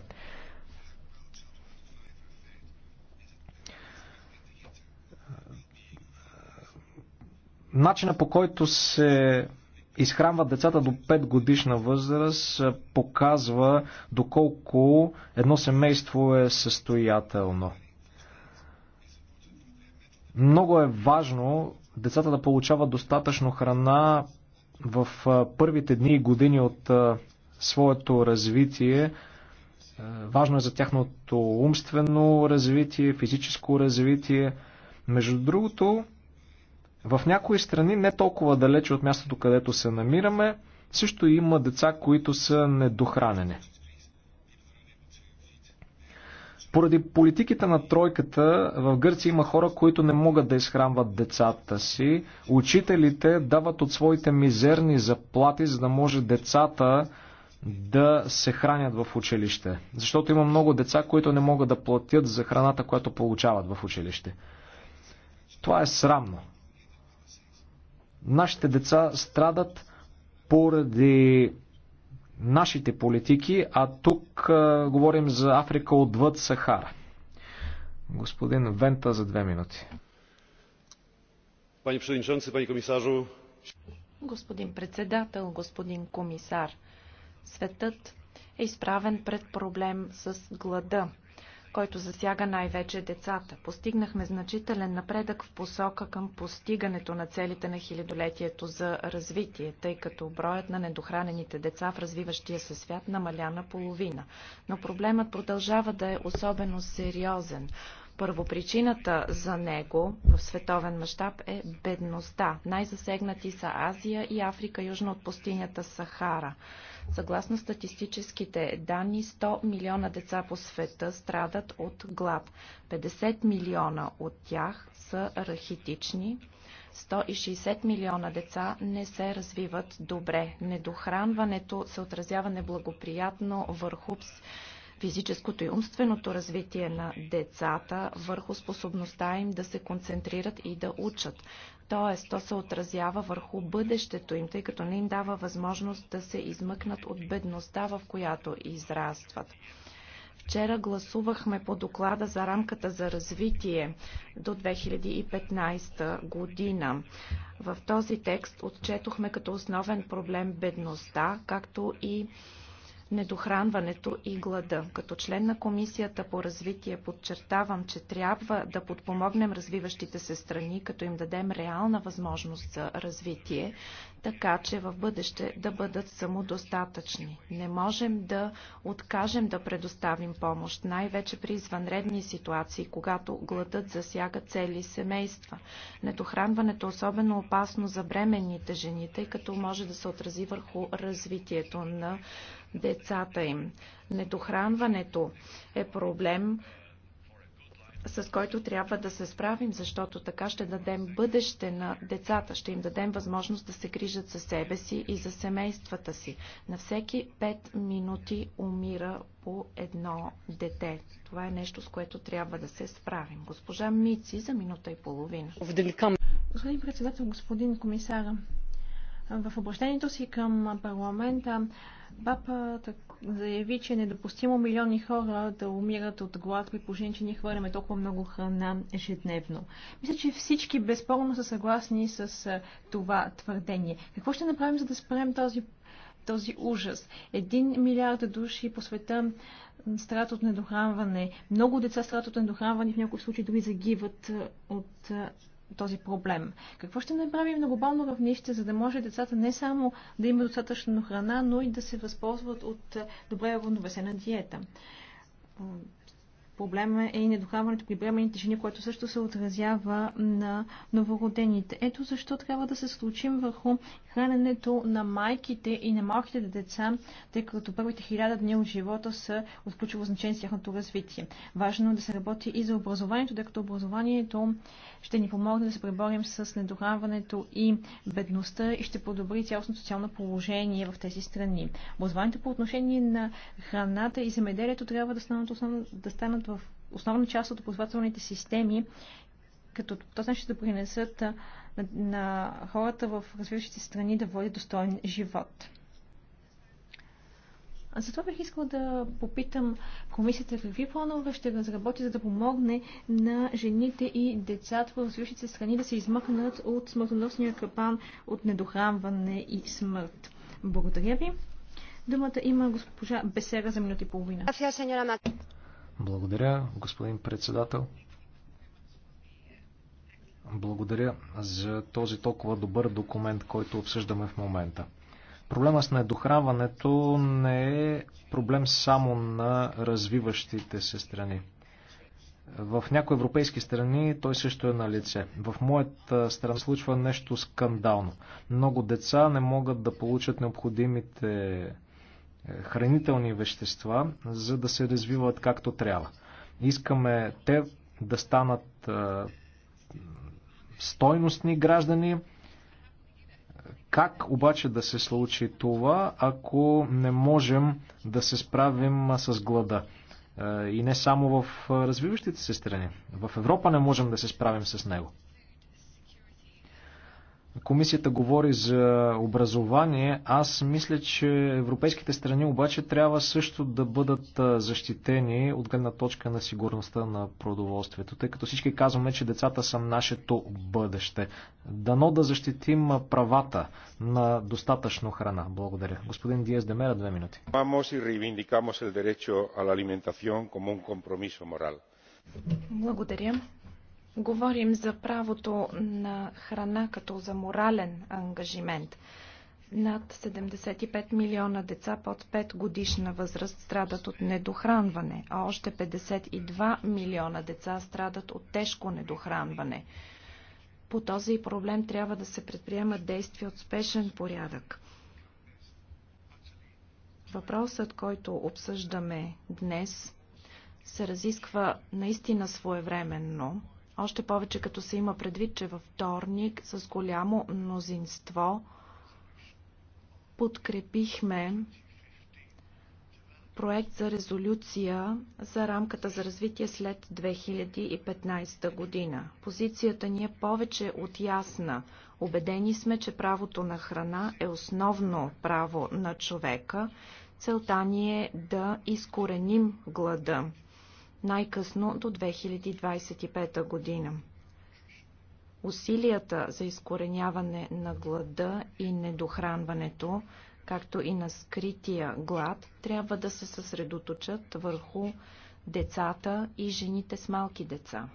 Начина по който се изхранват децата до 5 годишна възраст е, показва доколко едно семейство е състоятелно. Много е важно децата да получават достатъчно храна в първите дни и години от своето развитие. Е, важно е за тяхното умствено развитие, физическо развитие. Между другото, в някои страни, не толкова далече от мястото, където се намираме, също има деца, които са недохранени. Поради политиките на тройката в Гърция има хора, които не могат да изхранват децата си. Учителите дават от своите мизерни заплати, за да може децата да се хранят в училище. Защото има много деца, които не могат да платят за храната, която получават в училище. Това е срамно. Нашите деца страдат поради нашите политики, а тук а, говорим за Африка отвъд Сахара. Господин Вента за две минути. Пани председател, пани комисажу. Господин председател, господин комисар, светът е изправен пред проблем с глада който засяга най-вече децата. Постигнахме значителен напредък в посока към постигането на целите на хилядолетието за развитие, тъй като броят на недохранените деца в развиващия се свят намаля на половина. Но проблемът продължава да е особено сериозен. Първопричината за него в световен мащаб е бедността. Най-засегнати са Азия и Африка, южно от пустинята Сахара. Съгласно статистическите данни, 100 милиона деца по света страдат от глад. 50 милиона от тях са рахитични. 160 милиона деца не се развиват добре. Недохранването се отразява неблагоприятно върху физическото и умственото развитие на децата върху способността им да се концентрират и да учат. Тоест, то се отразява върху бъдещето им, тъй като не им дава възможност да се измъкнат от бедността, в която израстват. Вчера гласувахме по доклада за рамката за развитие до 2015 година. В този текст отчетохме като основен проблем бедността, както и недохранването и глада. Като член на Комисията по развитие подчертавам, че трябва да подпомогнем развиващите се страни, като им дадем реална възможност за развитие, така че в бъдеще да бъдат самодостатъчни. Не можем да откажем да предоставим помощ, най-вече при извънредни ситуации, когато гладът засяга цели семейства. Недохранването е особено опасно за бременните жени, тъй като може да се отрази върху развитието на децата им. Недохранването е проблем, с който трябва да се справим, защото така ще дадем бъдеще на децата, ще им дадем възможност да се грижат за себе си и за семействата си. На всеки 5 минути умира по едно дете. Това е нещо, с което трябва да се справим. Госпожа Мици за минута и половина. Господин председател, господин комисар, в обращението си към парламента папата заяви, че е недопустимо милиони хора да умират от глад, при положение, че ние хвърляме толкова много храна ежедневно. Мисля, че всички безспорно са съгласни с това твърдение. Какво ще направим, за да спрем този, този ужас? Един милиард души по света страдат от недохранване. Много деца страдат от недохранване, в някои случаи дори загиват от този проблем. Какво ще направим на глобално равнище, за да може децата не само да имат достатъчно храна, но и да се възползват от добре равновесена диета? проблем е и недохаването при бременните жени, което също се отразява на новородените. Ето защо трябва да се случим върху храненето на майките и на малките деца, тъй като първите хиляда дни от живота са от ключово значение с тяхното развитие. Важно е да се работи и за образованието, тъй като образованието ще ни помогне да се преборим с недохранването и бедността и ще подобри цялостно социално положение в тези страни. Образованието по отношение на храната и земеделието трябва да станат, основ... да станат в основна част от образователните системи, като този начин ще принесат на, на хората в развиващите страни да водят достоен живот. А затова бих искала да попитам комисията какви планове ще разработи, за да помогне на жените и децата в развиващите страни да се измъкнат от смъртоносния капан от недохранване и смърт. Благодаря ви. Думата има госпожа Бесера за минути и половина. Благодаря, господин председател. Благодаря за този толкова добър документ, който обсъждаме в момента. Проблема с недохраването не е проблем само на развиващите се страни. В някои европейски страни той също е на лице. В моята страна случва нещо скандално. Много деца не могат да получат необходимите хранителни вещества, за да се развиват както трябва. Искаме те да станат стойностни граждани. Как обаче да се случи това, ако не можем да се справим с глада? И не само в развиващите се страни. В Европа не можем да се справим с него. Комисията говори за образование. Аз мисля, че европейските страни обаче трябва също да бъдат защитени от гледна точка на сигурността на продоволствието, тъй като всички казваме, че децата са нашето бъдеще. Дано да защитим правата на достатъчно храна. Благодаря. Господин Диес Демера, две минути. Благодаря. Говорим за правото на храна като за морален ангажимент. Над 75 милиона деца под 5 годишна възраст страдат от недохранване, а още 52 милиона деца страдат от тежко недохранване. По този проблем трябва да се предприемат действия от спешен порядък. Въпросът, който обсъждаме днес, се разисква наистина своевременно още повече като се има предвид, че във вторник с голямо мнозинство подкрепихме проект за резолюция за рамката за развитие след 2015 година. Позицията ни е повече от ясна. Обедени сме, че правото на храна е основно право на човека. Целта ни е да изкореним глада най-късно до 2025 година. Усилията за изкореняване на глада и недохранването, както и на скрития глад, трябва да се съсредоточат върху децата и жените с малки деца.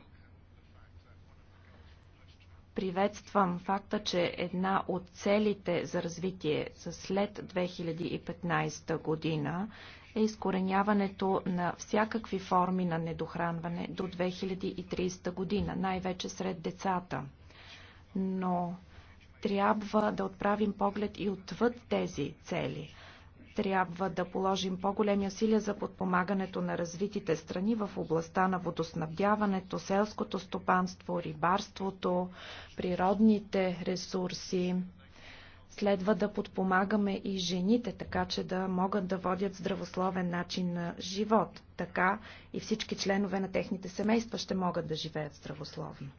Приветствам факта, че една от целите за развитие за след 2015 година е изкореняването на всякакви форми на недохранване до 2030 година, най-вече сред децата. Но трябва да отправим поглед и отвъд тези цели. Трябва да положим по-големи усилия за подпомагането на развитите страни в областта на водоснабдяването, селското стопанство, рибарството, природните ресурси, Следва да подпомагаме и жените, така че да могат да водят здравословен начин на живот. Така и всички членове на техните семейства ще могат да живеят здравословно.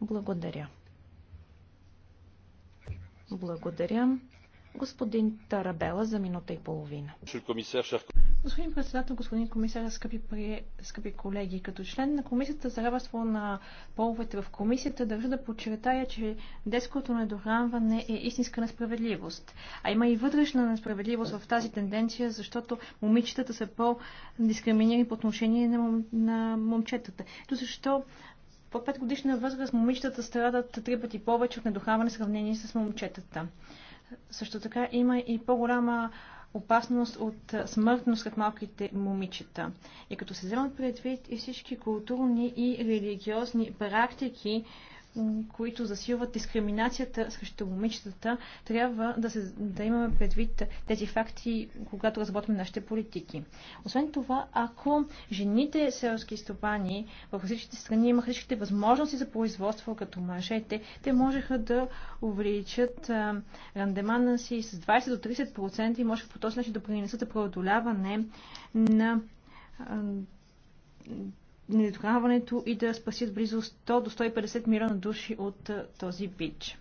Благодаря. Благодаря. Господин Тарабела за минута и половина. Господин председател, господин комисар, скъпи, при... скъпи колеги, като член на Комисията за равенство на половете в Комисията, държа да подчертая, че детското недохранване е истинска несправедливост. А има и вътрешна несправедливост в тази тенденция, защото момичетата са по-дискриминирани по отношение на, мом... на момчетата. То защо по 5 годишна възраст момичетата страдат три пъти повече от недохранване в сравнение с момчетата. Също така има и по-голяма опасност от смъртност сред малките момичета. И като се вземат предвид и всички културни и религиозни практики, които засилват дискриминацията срещу момичетата, трябва да, се, да имаме предвид тези факти, когато разработваме нашите политики. Освен това, ако жените селски стопани в различните страни имаха всичките възможности за производство като мъжете, те можеха да увеличат рандемана си с 20 до 30% и можеха по този начин да принесат преодоляване на недохранването и да спасят близо 100 до 150 милиона души от този бич.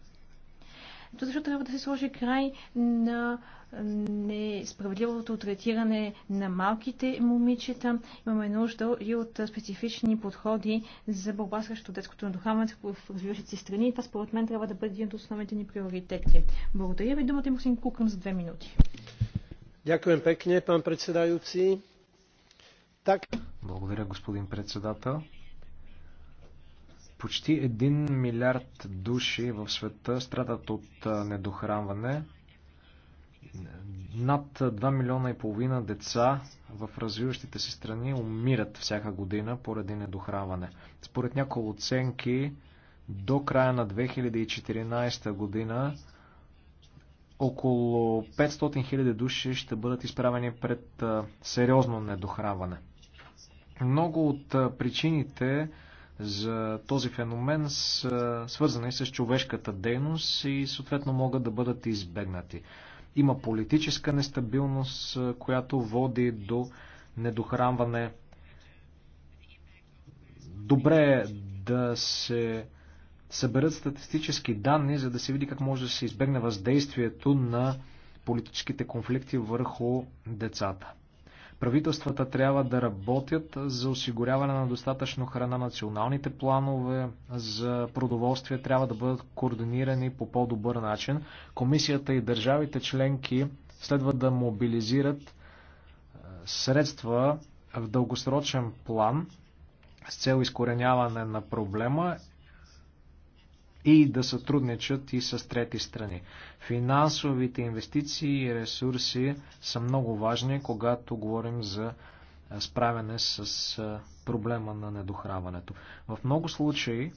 То защо трябва да се сложи край на несправедливото третиране на малките момичета. Имаме нужда и от специфични подходи за борба срещу детското надохранване в развиващите си страни. това според мен трябва да бъде един от основните ни приоритети. Благодаря ви. Думата има Кукъм за две минути. Дякуем пекне, пан председаючи. Так. Благодаря, господин председател. Почти 1 милиард души в света страдат от недохранване. Над 2 милиона и половина деца в развиващите се страни умират всяка година поради недохранване. Според няколко оценки, до края на 2014 година около 500 хиляди души ще бъдат изправени пред сериозно недохранване. Много от причините за този феномен са свързани с човешката дейност и съответно могат да бъдат избегнати. Има политическа нестабилност, която води до недохранване. Добре е да се съберат статистически данни, за да се види как може да се избегне въздействието на политическите конфликти върху децата. Правителствата трябва да работят за осигуряване на достатъчно храна. Националните планове за продоволствие трябва да бъдат координирани по по-добър начин. Комисията и държавите членки следва да мобилизират е, средства в дългосрочен план с цел изкореняване на проблема и да сътрудничат и с трети страни. Финансовите инвестиции и ресурси са много важни, когато говорим за справяне с проблема на недохраването. В много случаи,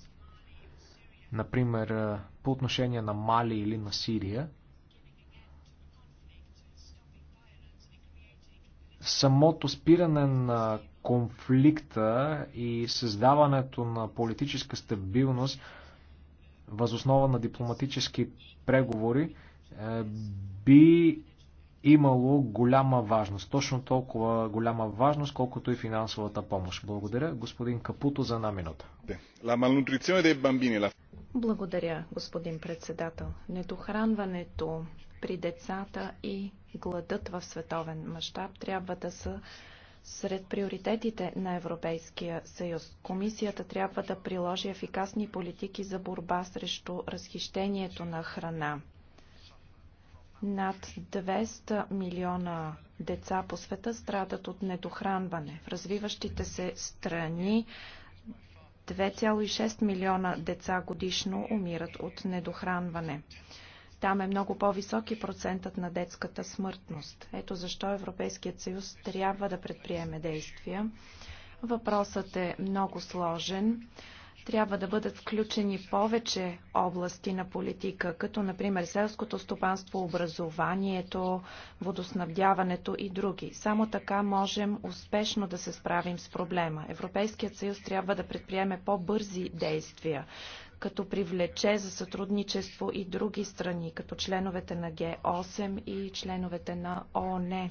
например по отношение на Мали или на Сирия, самото спиране на конфликта и създаването на политическа стабилност – възоснова на дипломатически преговори е, би имало голяма важност. Точно толкова голяма важност, колкото и финансовата помощ. Благодаря, господин Капуто, за една минута. Благодаря, господин председател. Недохранването при децата и гладът в световен мащаб трябва да са сред приоритетите на Европейския съюз комисията трябва да приложи ефикасни политики за борба срещу разхищението на храна. Над 200 милиона деца по света страдат от недохранване. В развиващите се страни 2,6 милиона деца годишно умират от недохранване. Там е много по-висок и процентът на детската смъртност. Ето защо Европейският съюз трябва да предприеме действия. Въпросът е много сложен. Трябва да бъдат включени повече области на политика, като например селското стопанство, образованието, водоснабдяването и други. Само така можем успешно да се справим с проблема. Европейският съюз трябва да предприеме по-бързи действия, като привлече за сътрудничество и други страни, като членовете на Г8 и членовете на ООН.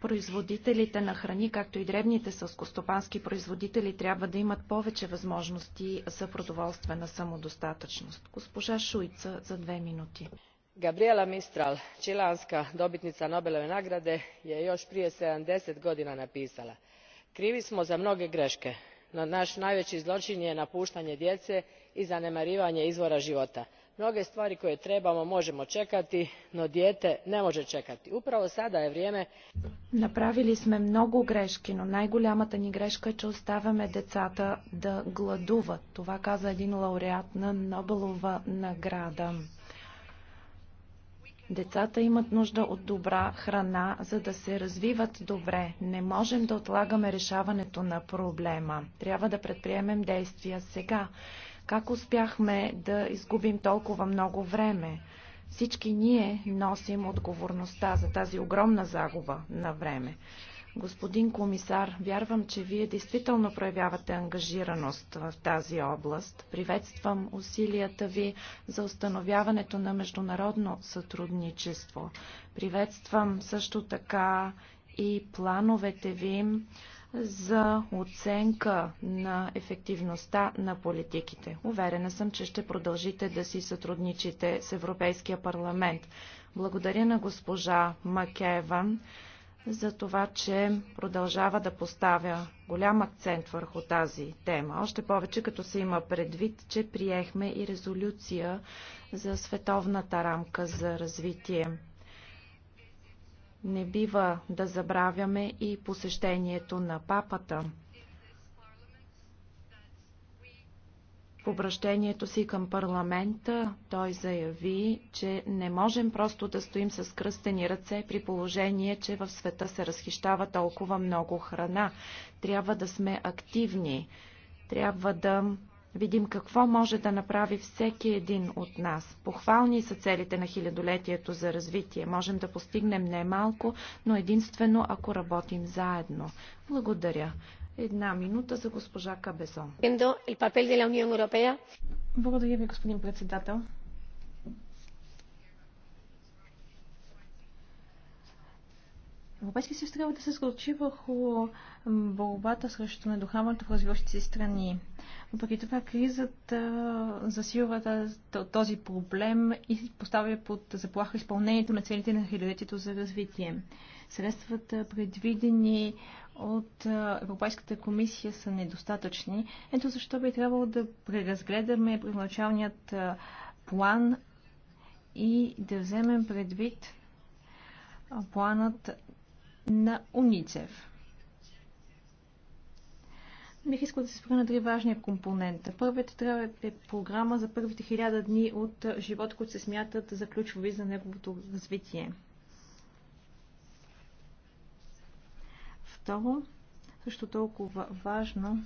производителите на храни, както и дребните сълскостопански производители, трябва да имат повече възможности за продоволствена самодостатъчност. Госпожа Шуйца, за две минути. Габриела Мистрал, чиланска добитница Нобелеве награде, е още преди 70 години написала – krivi smo za mnoge greke no na najvei zloin je naputanje djece i zanemarivanje izvora ivota. mnoge stvari koje trebamo moemo ekati no dijete ne moe ekati. upravo sada je vrijeme. направили сме много грешки но най голямата ни грешка е че оставяме децата да гладуват. това каза един лауреат на нобелова награда. Децата имат нужда от добра храна, за да се развиват добре. Не можем да отлагаме решаването на проблема. Трябва да предприемем действия сега. Как успяхме да изгубим толкова много време? Всички ние носим отговорността за тази огромна загуба на време. Господин комисар, вярвам, че вие действително проявявате ангажираност в тази област. Приветствам усилията ви за установяването на международно сътрудничество. Приветствам също така и плановете ви за оценка на ефективността на политиките. Уверена съм, че ще продължите да си сътрудничите с Европейския парламент. Благодаря на госпожа Макеван за това, че продължава да поставя голям акцент върху тази тема. Още повече като се има предвид, че приехме и резолюция за световната рамка за развитие. Не бива да забравяме и посещението на папата – В обращението си към парламента той заяви, че не можем просто да стоим с кръстени ръце при положение, че в света се разхищава толкова много храна. Трябва да сме активни. Трябва да видим какво може да направи всеки един от нас. Похвални са целите на хилядолетието за развитие. Можем да постигнем не малко, но единствено ако работим заедно. Благодаря. Една минута за госпожа Кабесон. Благодаря ви, господин председател. Европейски съюз трябва да се сръчи върху борбата срещу недохранването в развиващите си страни. Въпреки това кризата засилва този проблем и поставя под заплаха изпълнението на целите на хилядетието за развитие. Средствата, предвидени от Европейската комисия са недостатъчни. Ето защо би трябвало да преразгледаме първоначалният план и да вземем предвид планът на УНИЦЕВ. Бих искал да се спра на три важни компонента. Първият трябва е програма за първите хиляда дни от живот, които се смятат за ключови за неговото развитие. Второ, също толкова важно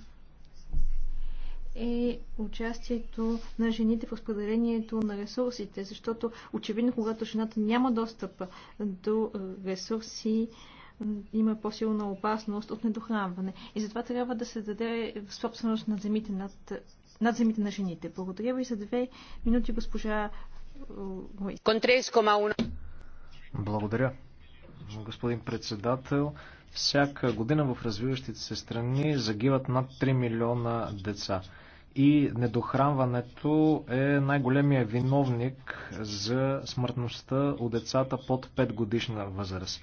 е участието на жените в разпределението на ресурсите, защото очевидно, когато жената няма достъп до ресурси, има по-силна опасност от недохранване. И затова трябва да се даде собственост над земите, над, над земите на жените. Благодаря ви за две минути, госпожа Благодаря. Господин председател, всяка година в развиващите се страни загиват над 3 милиона деца. И недохранването е най-големия виновник за смъртността у децата под 5 годишна възраст.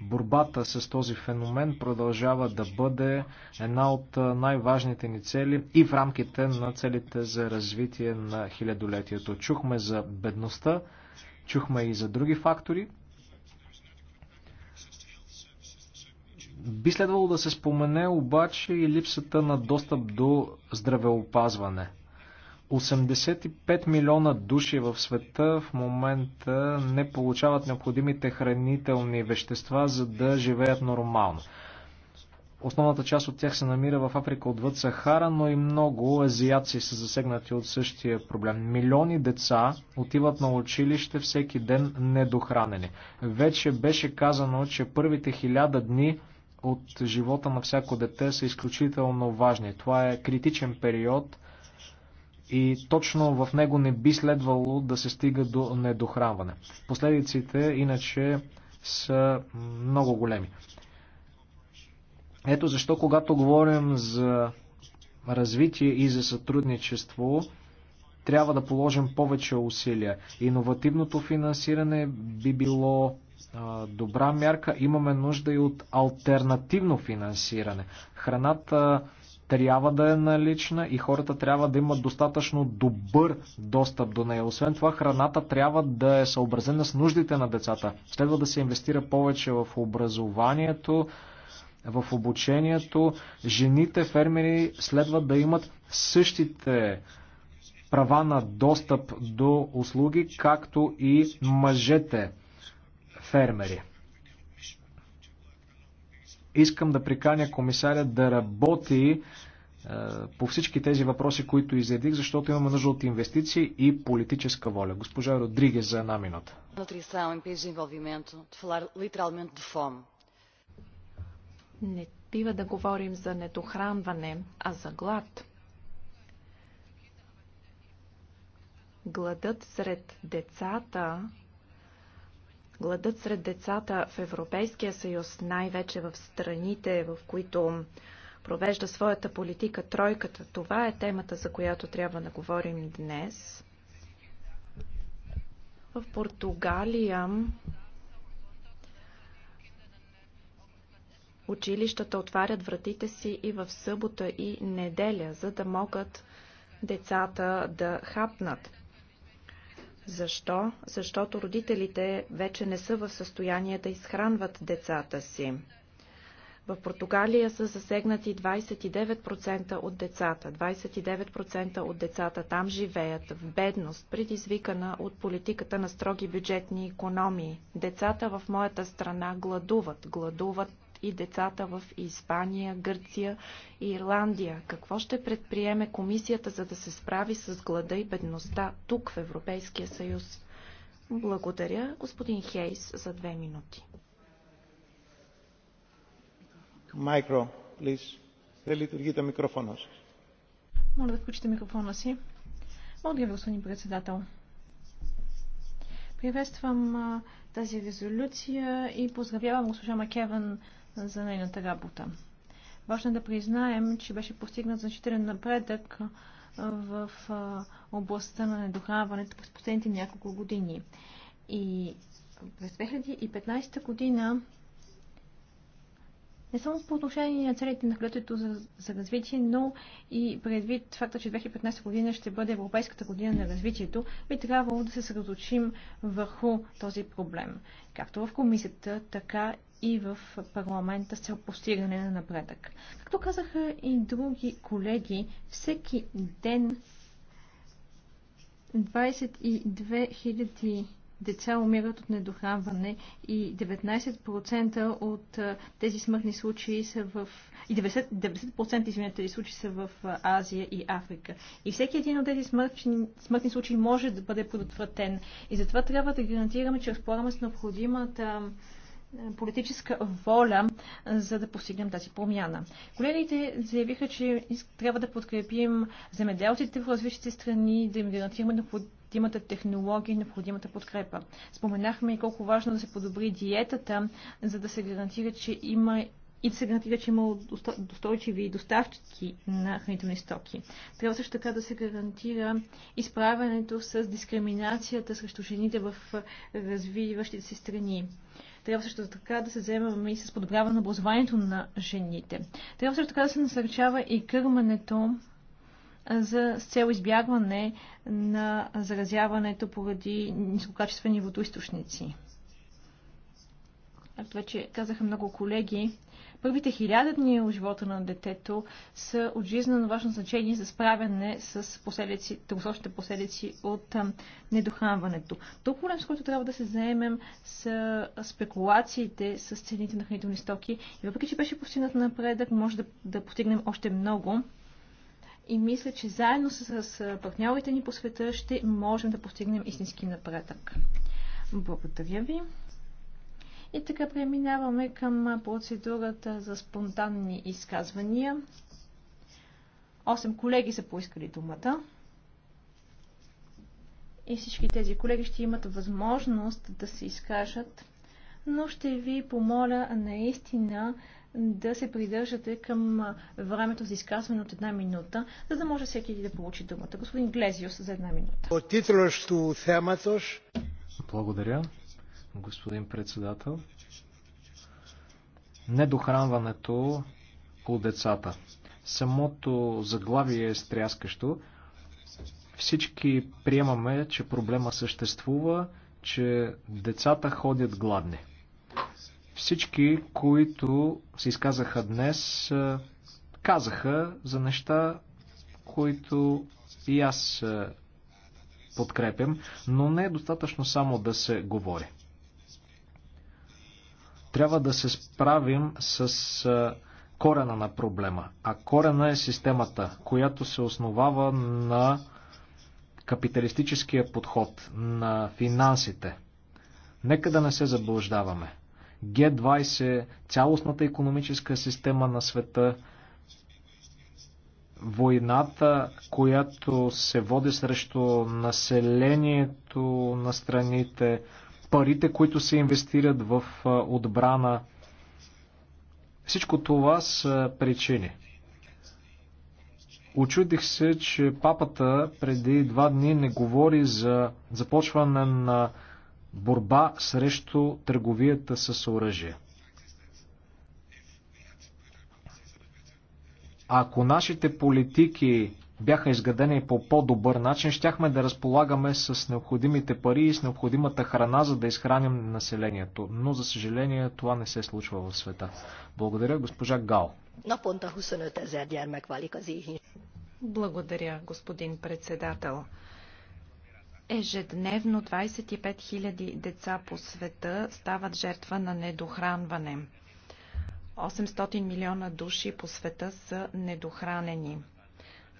Борбата с този феномен продължава да бъде една от най-важните ни цели и в рамките на целите за развитие на хилядолетието. Чухме за бедността, чухме и за други фактори, Би следвало да се спомене обаче и липсата на достъп до здравеопазване. 85 милиона души в света в момента не получават необходимите хранителни вещества, за да живеят нормално. Основната част от тях се намира в Африка отвъд Сахара, но и много азиаци са засегнати от същия проблем. Милиони деца отиват на училище всеки ден недохранени. Вече беше казано, че първите хиляда дни от живота на всяко дете са изключително важни. Това е критичен период и точно в него не би следвало да се стига до недохранване. Последиците иначе са много големи. Ето защо, когато говорим за развитие и за сътрудничество, трябва да положим повече усилия. Иновативното финансиране би било добра мярка. Имаме нужда и от альтернативно финансиране. Храната трябва да е налична и хората трябва да имат достатъчно добър достъп до нея. Освен това, храната трябва да е съобразена с нуждите на децата. Следва да се инвестира повече в образованието, в обучението. Жените фермери следва да имат същите права на достъп до услуги, както и мъжете фермери. Искам да приканя комисаря да работи е, по всички тези въпроси, които изредих, защото имаме нужда от инвестиции и политическа воля. Госпожа Родриге, за една минута. Не бива да говорим за недохранване, а за глад. Гладът сред децата Гладът сред децата в Европейския съюз, най-вече в страните, в които провежда своята политика тройката, това е темата, за която трябва да говорим днес. В Португалия училищата отварят вратите си и в събота и неделя, за да могат децата да хапнат. Защо? Защото родителите вече не са в състояние да изхранват децата си. В Португалия са засегнати 29% от децата. 29% от децата там живеят в бедност, предизвикана от политиката на строги бюджетни економии. Децата в моята страна гладуват. Гладуват и децата в Испания, Гърция и Ирландия. Какво ще предприеме комисията, за да се справи с глада и бедността тук в Европейския съюз? Благодаря, господин Хейс, за две минути. Майкро, please. Дали λειτουργεί микрофона си? Моля да включите микрофона си. Благодаря ви, господин председател. Приветствам тази резолюция и поздравявам госпожа Макеван за нейната работа. Важно е да признаем, че беше постигнат значителен напредък в областта на недохраването през последните няколко години. И през 2015 година не само по отношение на целите на Клетото за, за развитие, но и предвид факта, че 2015 година ще бъде Европейската година на развитието, би трябвало да се съсредоточим върху този проблем, както в комисията, така и в парламента с цел постигане на напредък. Както казаха и други колеги, всеки ден 22 000 деца умират от недохранване и 19% от тези смъртни случаи са в... и 90%, 90% извинете, случаи са в Азия и Африка. И всеки един от тези смъртни, смъртни случаи може да бъде предотвратен. И затова трябва да гарантираме, че разполагаме с необходимата политическа воля, за да постигнем тази промяна. Колегите заявиха, че трябва да подкрепим земеделците в различните страни, да им гарантираме необходимата технология и необходимата подкрепа. Споменахме и колко важно да се подобри диетата, за да се гарантира, че има и да се гарантира, че има достойчиви доставчици на хранителни стоки. Трябва също така да се гарантира изправянето с дискриминацията срещу жените в развиващите се страни. Трябва също така да се вземем и с подобряване на образованието на жените. Трябва също така да се насърчава и кърмането за, с цел избягване на заразяването поради нискокачествени водоисточници както вече казаха много колеги, първите хиляда дни от живота на детето са от жизненно важно значение за справяне с последици, дългосрочните последици от недохранването. Друг проблем, с който трябва да се заемем, са спекулациите с цените на хранителни стоки. И въпреки, че беше постигнат напредък, може да, да постигнем още много. И мисля, че заедно с, с партньорите ни по света ще можем да постигнем истински напредък. Благодаря ви. И така преминаваме към процедурата за спонтанни изказвания. Осем колеги са поискали думата. И всички тези колеги ще имат възможност да се изкажат, но ще ви помоля наистина да се придържате към времето за изказване от една минута, за да може всеки да получи думата. Господин Глезиус за една минута. Благодаря господин председател. Недохранването у децата. Самото заглавие е стряскащо. Всички приемаме, че проблема съществува, че децата ходят гладни. Всички, които се изказаха днес, казаха за неща, които и аз подкрепям, но не е достатъчно само да се говори. Трябва да се справим с корена на проблема. А корена е системата, която се основава на капиталистическия подход, на финансите. Нека да не се заблуждаваме. Г20, е цялостната економическа система на света, войната, която се води срещу населението на страните, парите, които се инвестират в отбрана. Всичко това са причини. Очудих се, че папата преди два дни не говори за започване на борба срещу търговията с оръжие. Ако нашите политики бяха изградени по по-добър начин, щяхме да разполагаме с необходимите пари и с необходимата храна, за да изхраним населението. Но, за съжаление, това не се случва в света. Благодаря, госпожа Гал. Благодаря, господин председател. Ежедневно 25 000 деца по света стават жертва на недохранване. 800 милиона души по света са недохранени.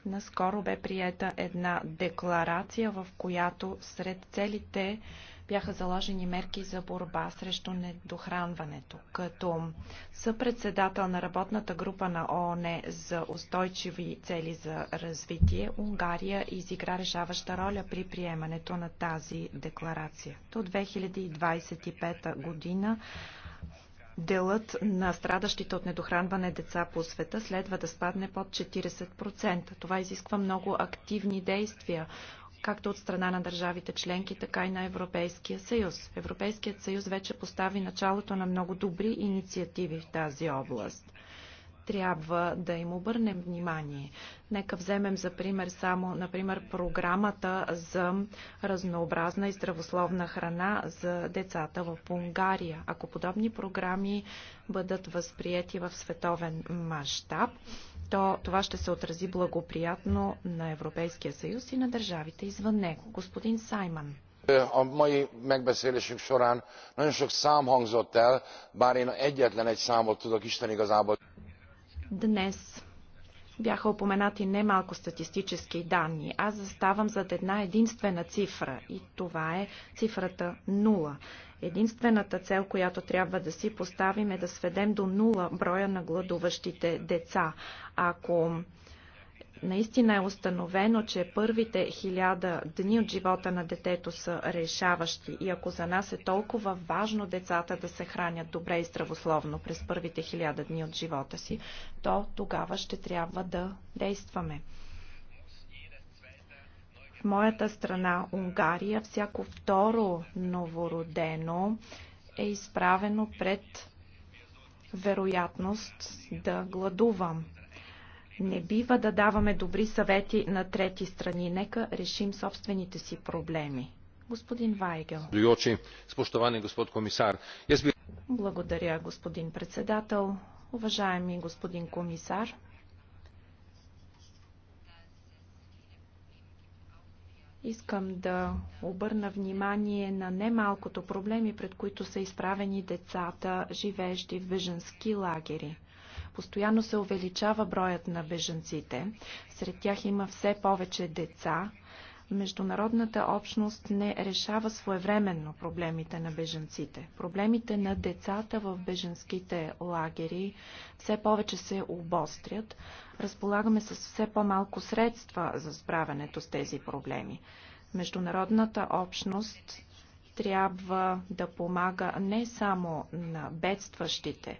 Наскоро бе приета една декларация, в която сред целите бяха заложени мерки за борба срещу недохранването. Като съпредседател на работната група на ООН за устойчиви цели за развитие, Унгария изигра решаваща роля при приемането на тази декларация. До 2025 година делът на страдащите от недохранване деца по света следва да спадне под 40%. Това изисква много активни действия както от страна на държавите членки, така и на Европейския съюз. Европейският съюз вече постави началото на много добри инициативи в тази област трябва да им обърнем внимание. Нека вземем за пример само, например, програмата за разнообразна и здравословна храна за децата в Унгария. Ако подобни програми бъдат възприяти в световен мащаб, то това ще се отрази благоприятно на Европейския съюз и на държавите извън него. Господин Сайман a mai megbeszélésünk során nagyon sok szám hangzott el bár én egyetlen egy számot tudok igazából. Днес бяха упоменати немалко статистически данни. Аз заставам зад една единствена цифра и това е цифрата 0. Единствената цел, която трябва да си поставим е да сведем до 0 броя на гладуващите деца. Ако Наистина е установено, че първите хиляда дни от живота на детето са решаващи и ако за нас е толкова важно децата да се хранят добре и здравословно през първите хиляда дни от живота си, то тогава ще трябва да действаме. В моята страна, Унгария, всяко второ новородено е изправено пред вероятност да гладувам. Не бива да даваме добри съвети на трети страни. Нека решим собствените си проблеми. Господин Вайгел. Благодаря, господин председател. Уважаеми господин комисар, Искам да обърна внимание на немалкото проблеми, пред които са изправени децата, живеещи в беженски лагери. Постоянно се увеличава броят на бежанците. Сред тях има все повече деца. Международната общност не решава своевременно проблемите на бежанците. Проблемите на децата в бежанските лагери все повече се обострят. Разполагаме с все по-малко средства за справянето с тези проблеми. Международната общност трябва да помага не само на бедстващите,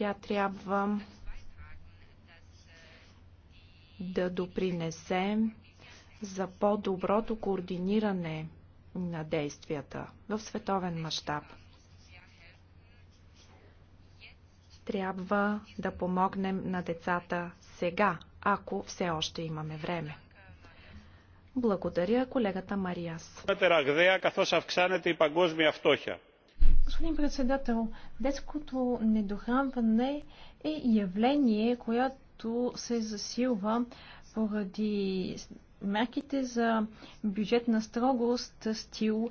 тя трябва да допринесе за по-доброто координиране на действията в световен мащаб. Трябва да помогнем на децата сега, ако все още имаме време. Благодаря колегата Мариас. Господин председател, детското недохранване е явление, което се засилва поради мерките за бюджетна строгост, стил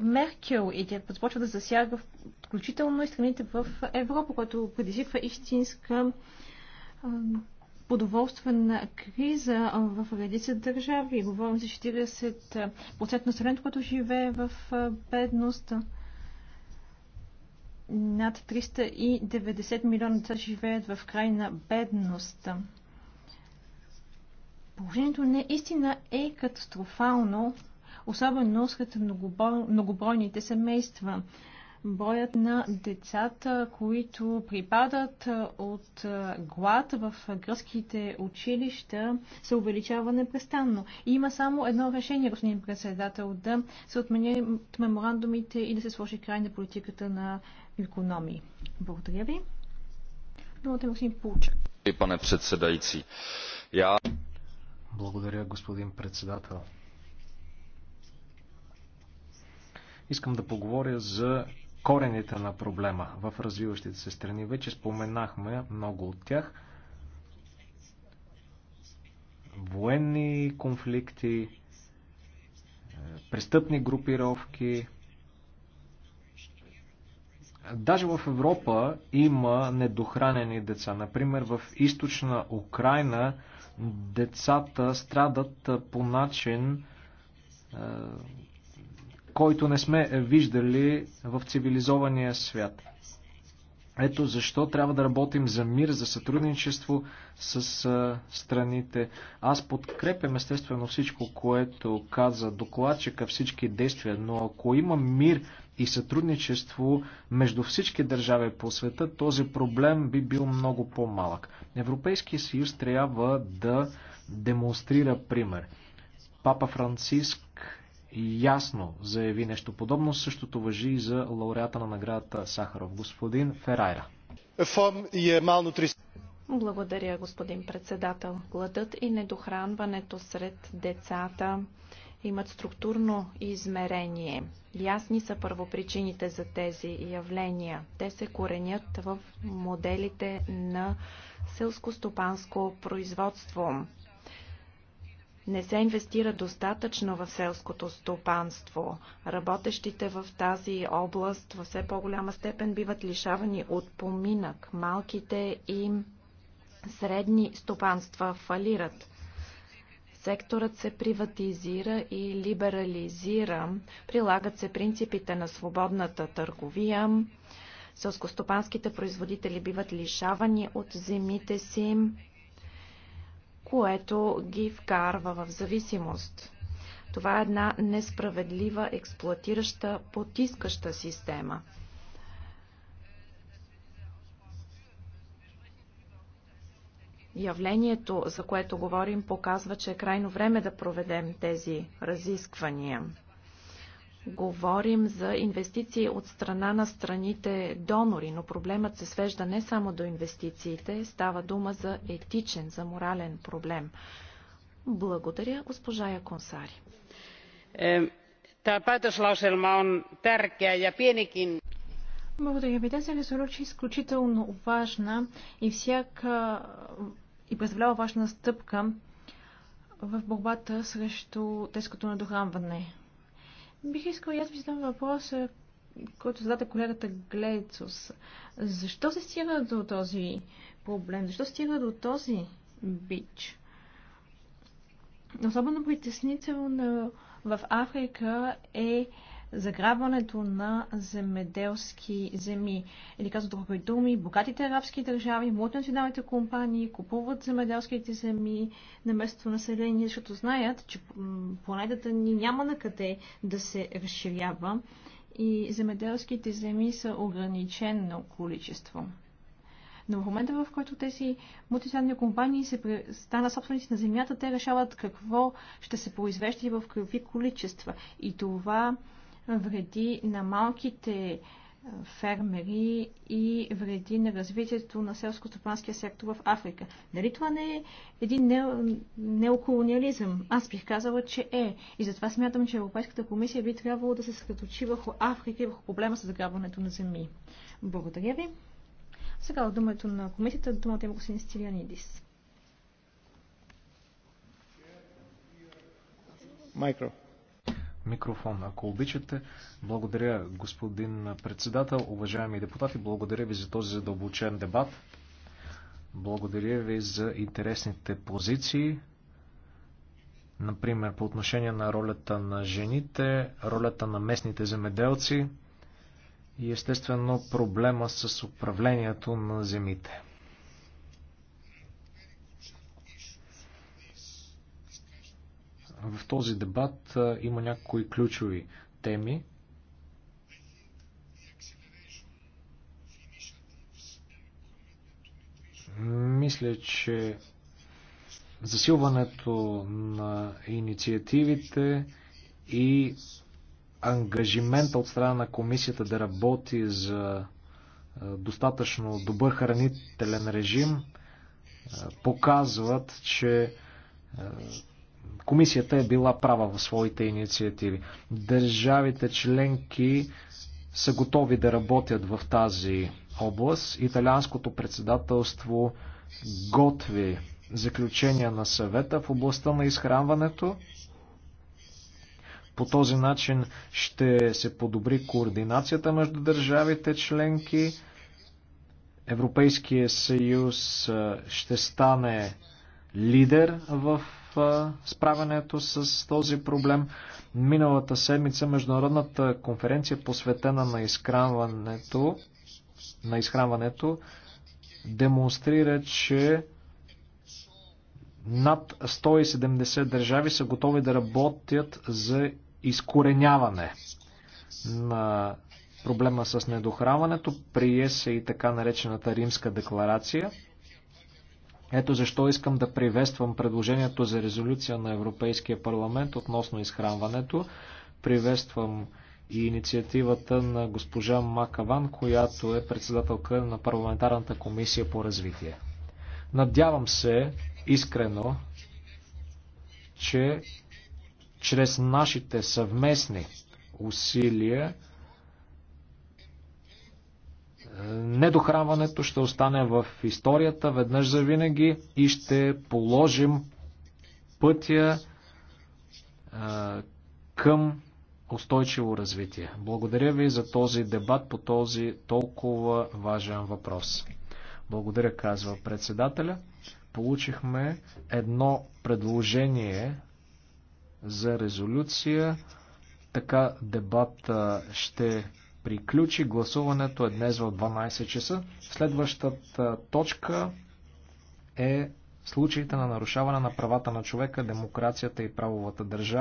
Меркел и тя започва да засяга включително и страните в Европа, което предизвиква истинска подоволствена криза в редица държави. Говорим за 40% населението, което живее в бедност над 390 милиона деца живеят в крайна бедност. Положението не истина е катастрофално, особено сред многобройните семейства. Броят на децата, които припадат от глад в гръцките училища, се увеличава непрестанно. И има само едно решение, господин председател, да се отменят меморандумите и да се сложи край на политиката на благодаря ви. Благодаря, господин председател. Искам да поговоря за корените на проблема в развиващите се страни. Вече споменахме много от тях. Военни конфликти, престъпни групировки, Даже в Европа има недохранени деца. Например, в източна Украина децата страдат по начин, който не сме виждали в цивилизования свят. Ето защо трябва да работим за мир, за сътрудничество с а, страните. Аз подкрепям естествено всичко, което каза докладчика, всички действия, но ако има мир и сътрудничество между всички държави по света, този проблем би бил много по-малък. Европейския съюз трябва да демонстрира пример. Папа Франциск ясно заяви нещо подобно. Същото въжи и за лауреата на наградата Сахаров, господин Ферайра. Е Благодаря, господин председател. Гладът и недохранването сред децата имат структурно измерение. Ясни са първопричините за тези явления. Те се коренят в моделите на селско-стопанско производство. Не се инвестира достатъчно в селското стопанство. Работещите в тази област във все по-голяма степен биват лишавани от поминък. Малките и средни стопанства фалират. Секторът се приватизира и либерализира. Прилагат се принципите на свободната търговия. Селскостопанските производители биват лишавани от земите си, което ги вкарва в зависимост. Това е една несправедлива, експлуатираща, потискаща система. Явлението, за което говорим, показва, че е крайно време да проведем тези разисквания. Говорим за инвестиции от страна на страните донори, но проблемът се свежда не само до инвестициите, става дума за етичен, за морален проблем. Благодаря, госпожа Яконсари. благодаря ви. Тази резолюция е изключително важна и всяка и представлява важна стъпка в борбата срещу тежкото надохранване. Бих искала и аз ви задам въпроса, който зададе колегата Глейцус. Защо се стига до този проблем? Защо се стига до този бич? Особено притеснително в Африка е заграбването на земеделски земи. Или казват други думи, богатите арабски държави, мултинационалните компании купуват земеделските земи на местното население, защото знаят, че планетата ни няма на къде да се разширява и земеделските земи са ограничено количество. Но в момента, в който тези мултинационални компании се стана собственици на земята, те решават какво ще се произвежда и в какви количества. И това вреди на малките е, фермери и вреди на развитието на селско-стопанския сектор в Африка. Нали това не е един не, неоколониализъм? Аз бих казала, че е. И затова смятам, че Европейската комисия би трябвало да се съсредоточи върху Африка и върху проблема с заграбването на земи. Благодаря ви. Сега от думата на комисията, думата има господин Стилианидис. Майкро микрофон, ако обичате. Благодаря, господин председател, уважаеми депутати, благодаря ви за този задълбочен дебат. Благодаря ви за интересните позиции. Например, по отношение на ролята на жените, ролята на местните земеделци и естествено проблема с управлението на земите. В този дебат има някои ключови теми. Мисля, че засилването на инициативите и ангажимента от страна на комисията да работи за достатъчно добър хранителен режим показват, че комисията е била права в своите инициативи. Държавите членки са готови да работят в тази област. Италианското председателство готви заключения на съвета в областта на изхранването. По този начин ще се подобри координацията между държавите членки. Европейския съюз ще стане лидер в справянето с този проблем. Миналата седмица Международната конференция посветена на изхранването, на изхранването демонстрира, че над 170 държави са готови да работят за изкореняване на проблема с недохранването. Прие се и така наречената Римска декларация – ето защо искам да приветствам предложението за резолюция на Европейския парламент относно изхранването. Приветствам и инициативата на госпожа Макаван, която е председателка на парламентарната комисия по развитие. Надявам се искрено, че чрез нашите съвместни усилия недохранването ще остане в историята веднъж за винаги и ще положим пътя към устойчиво развитие. Благодаря ви за този дебат по този толкова важен въпрос. Благодаря, казва председателя. Получихме едно предложение за резолюция. Така дебата ще приключи. Гласуването е днес в 12 часа. Следващата точка е случаите на нарушаване на правата на човека, демокрацията и правовата държава.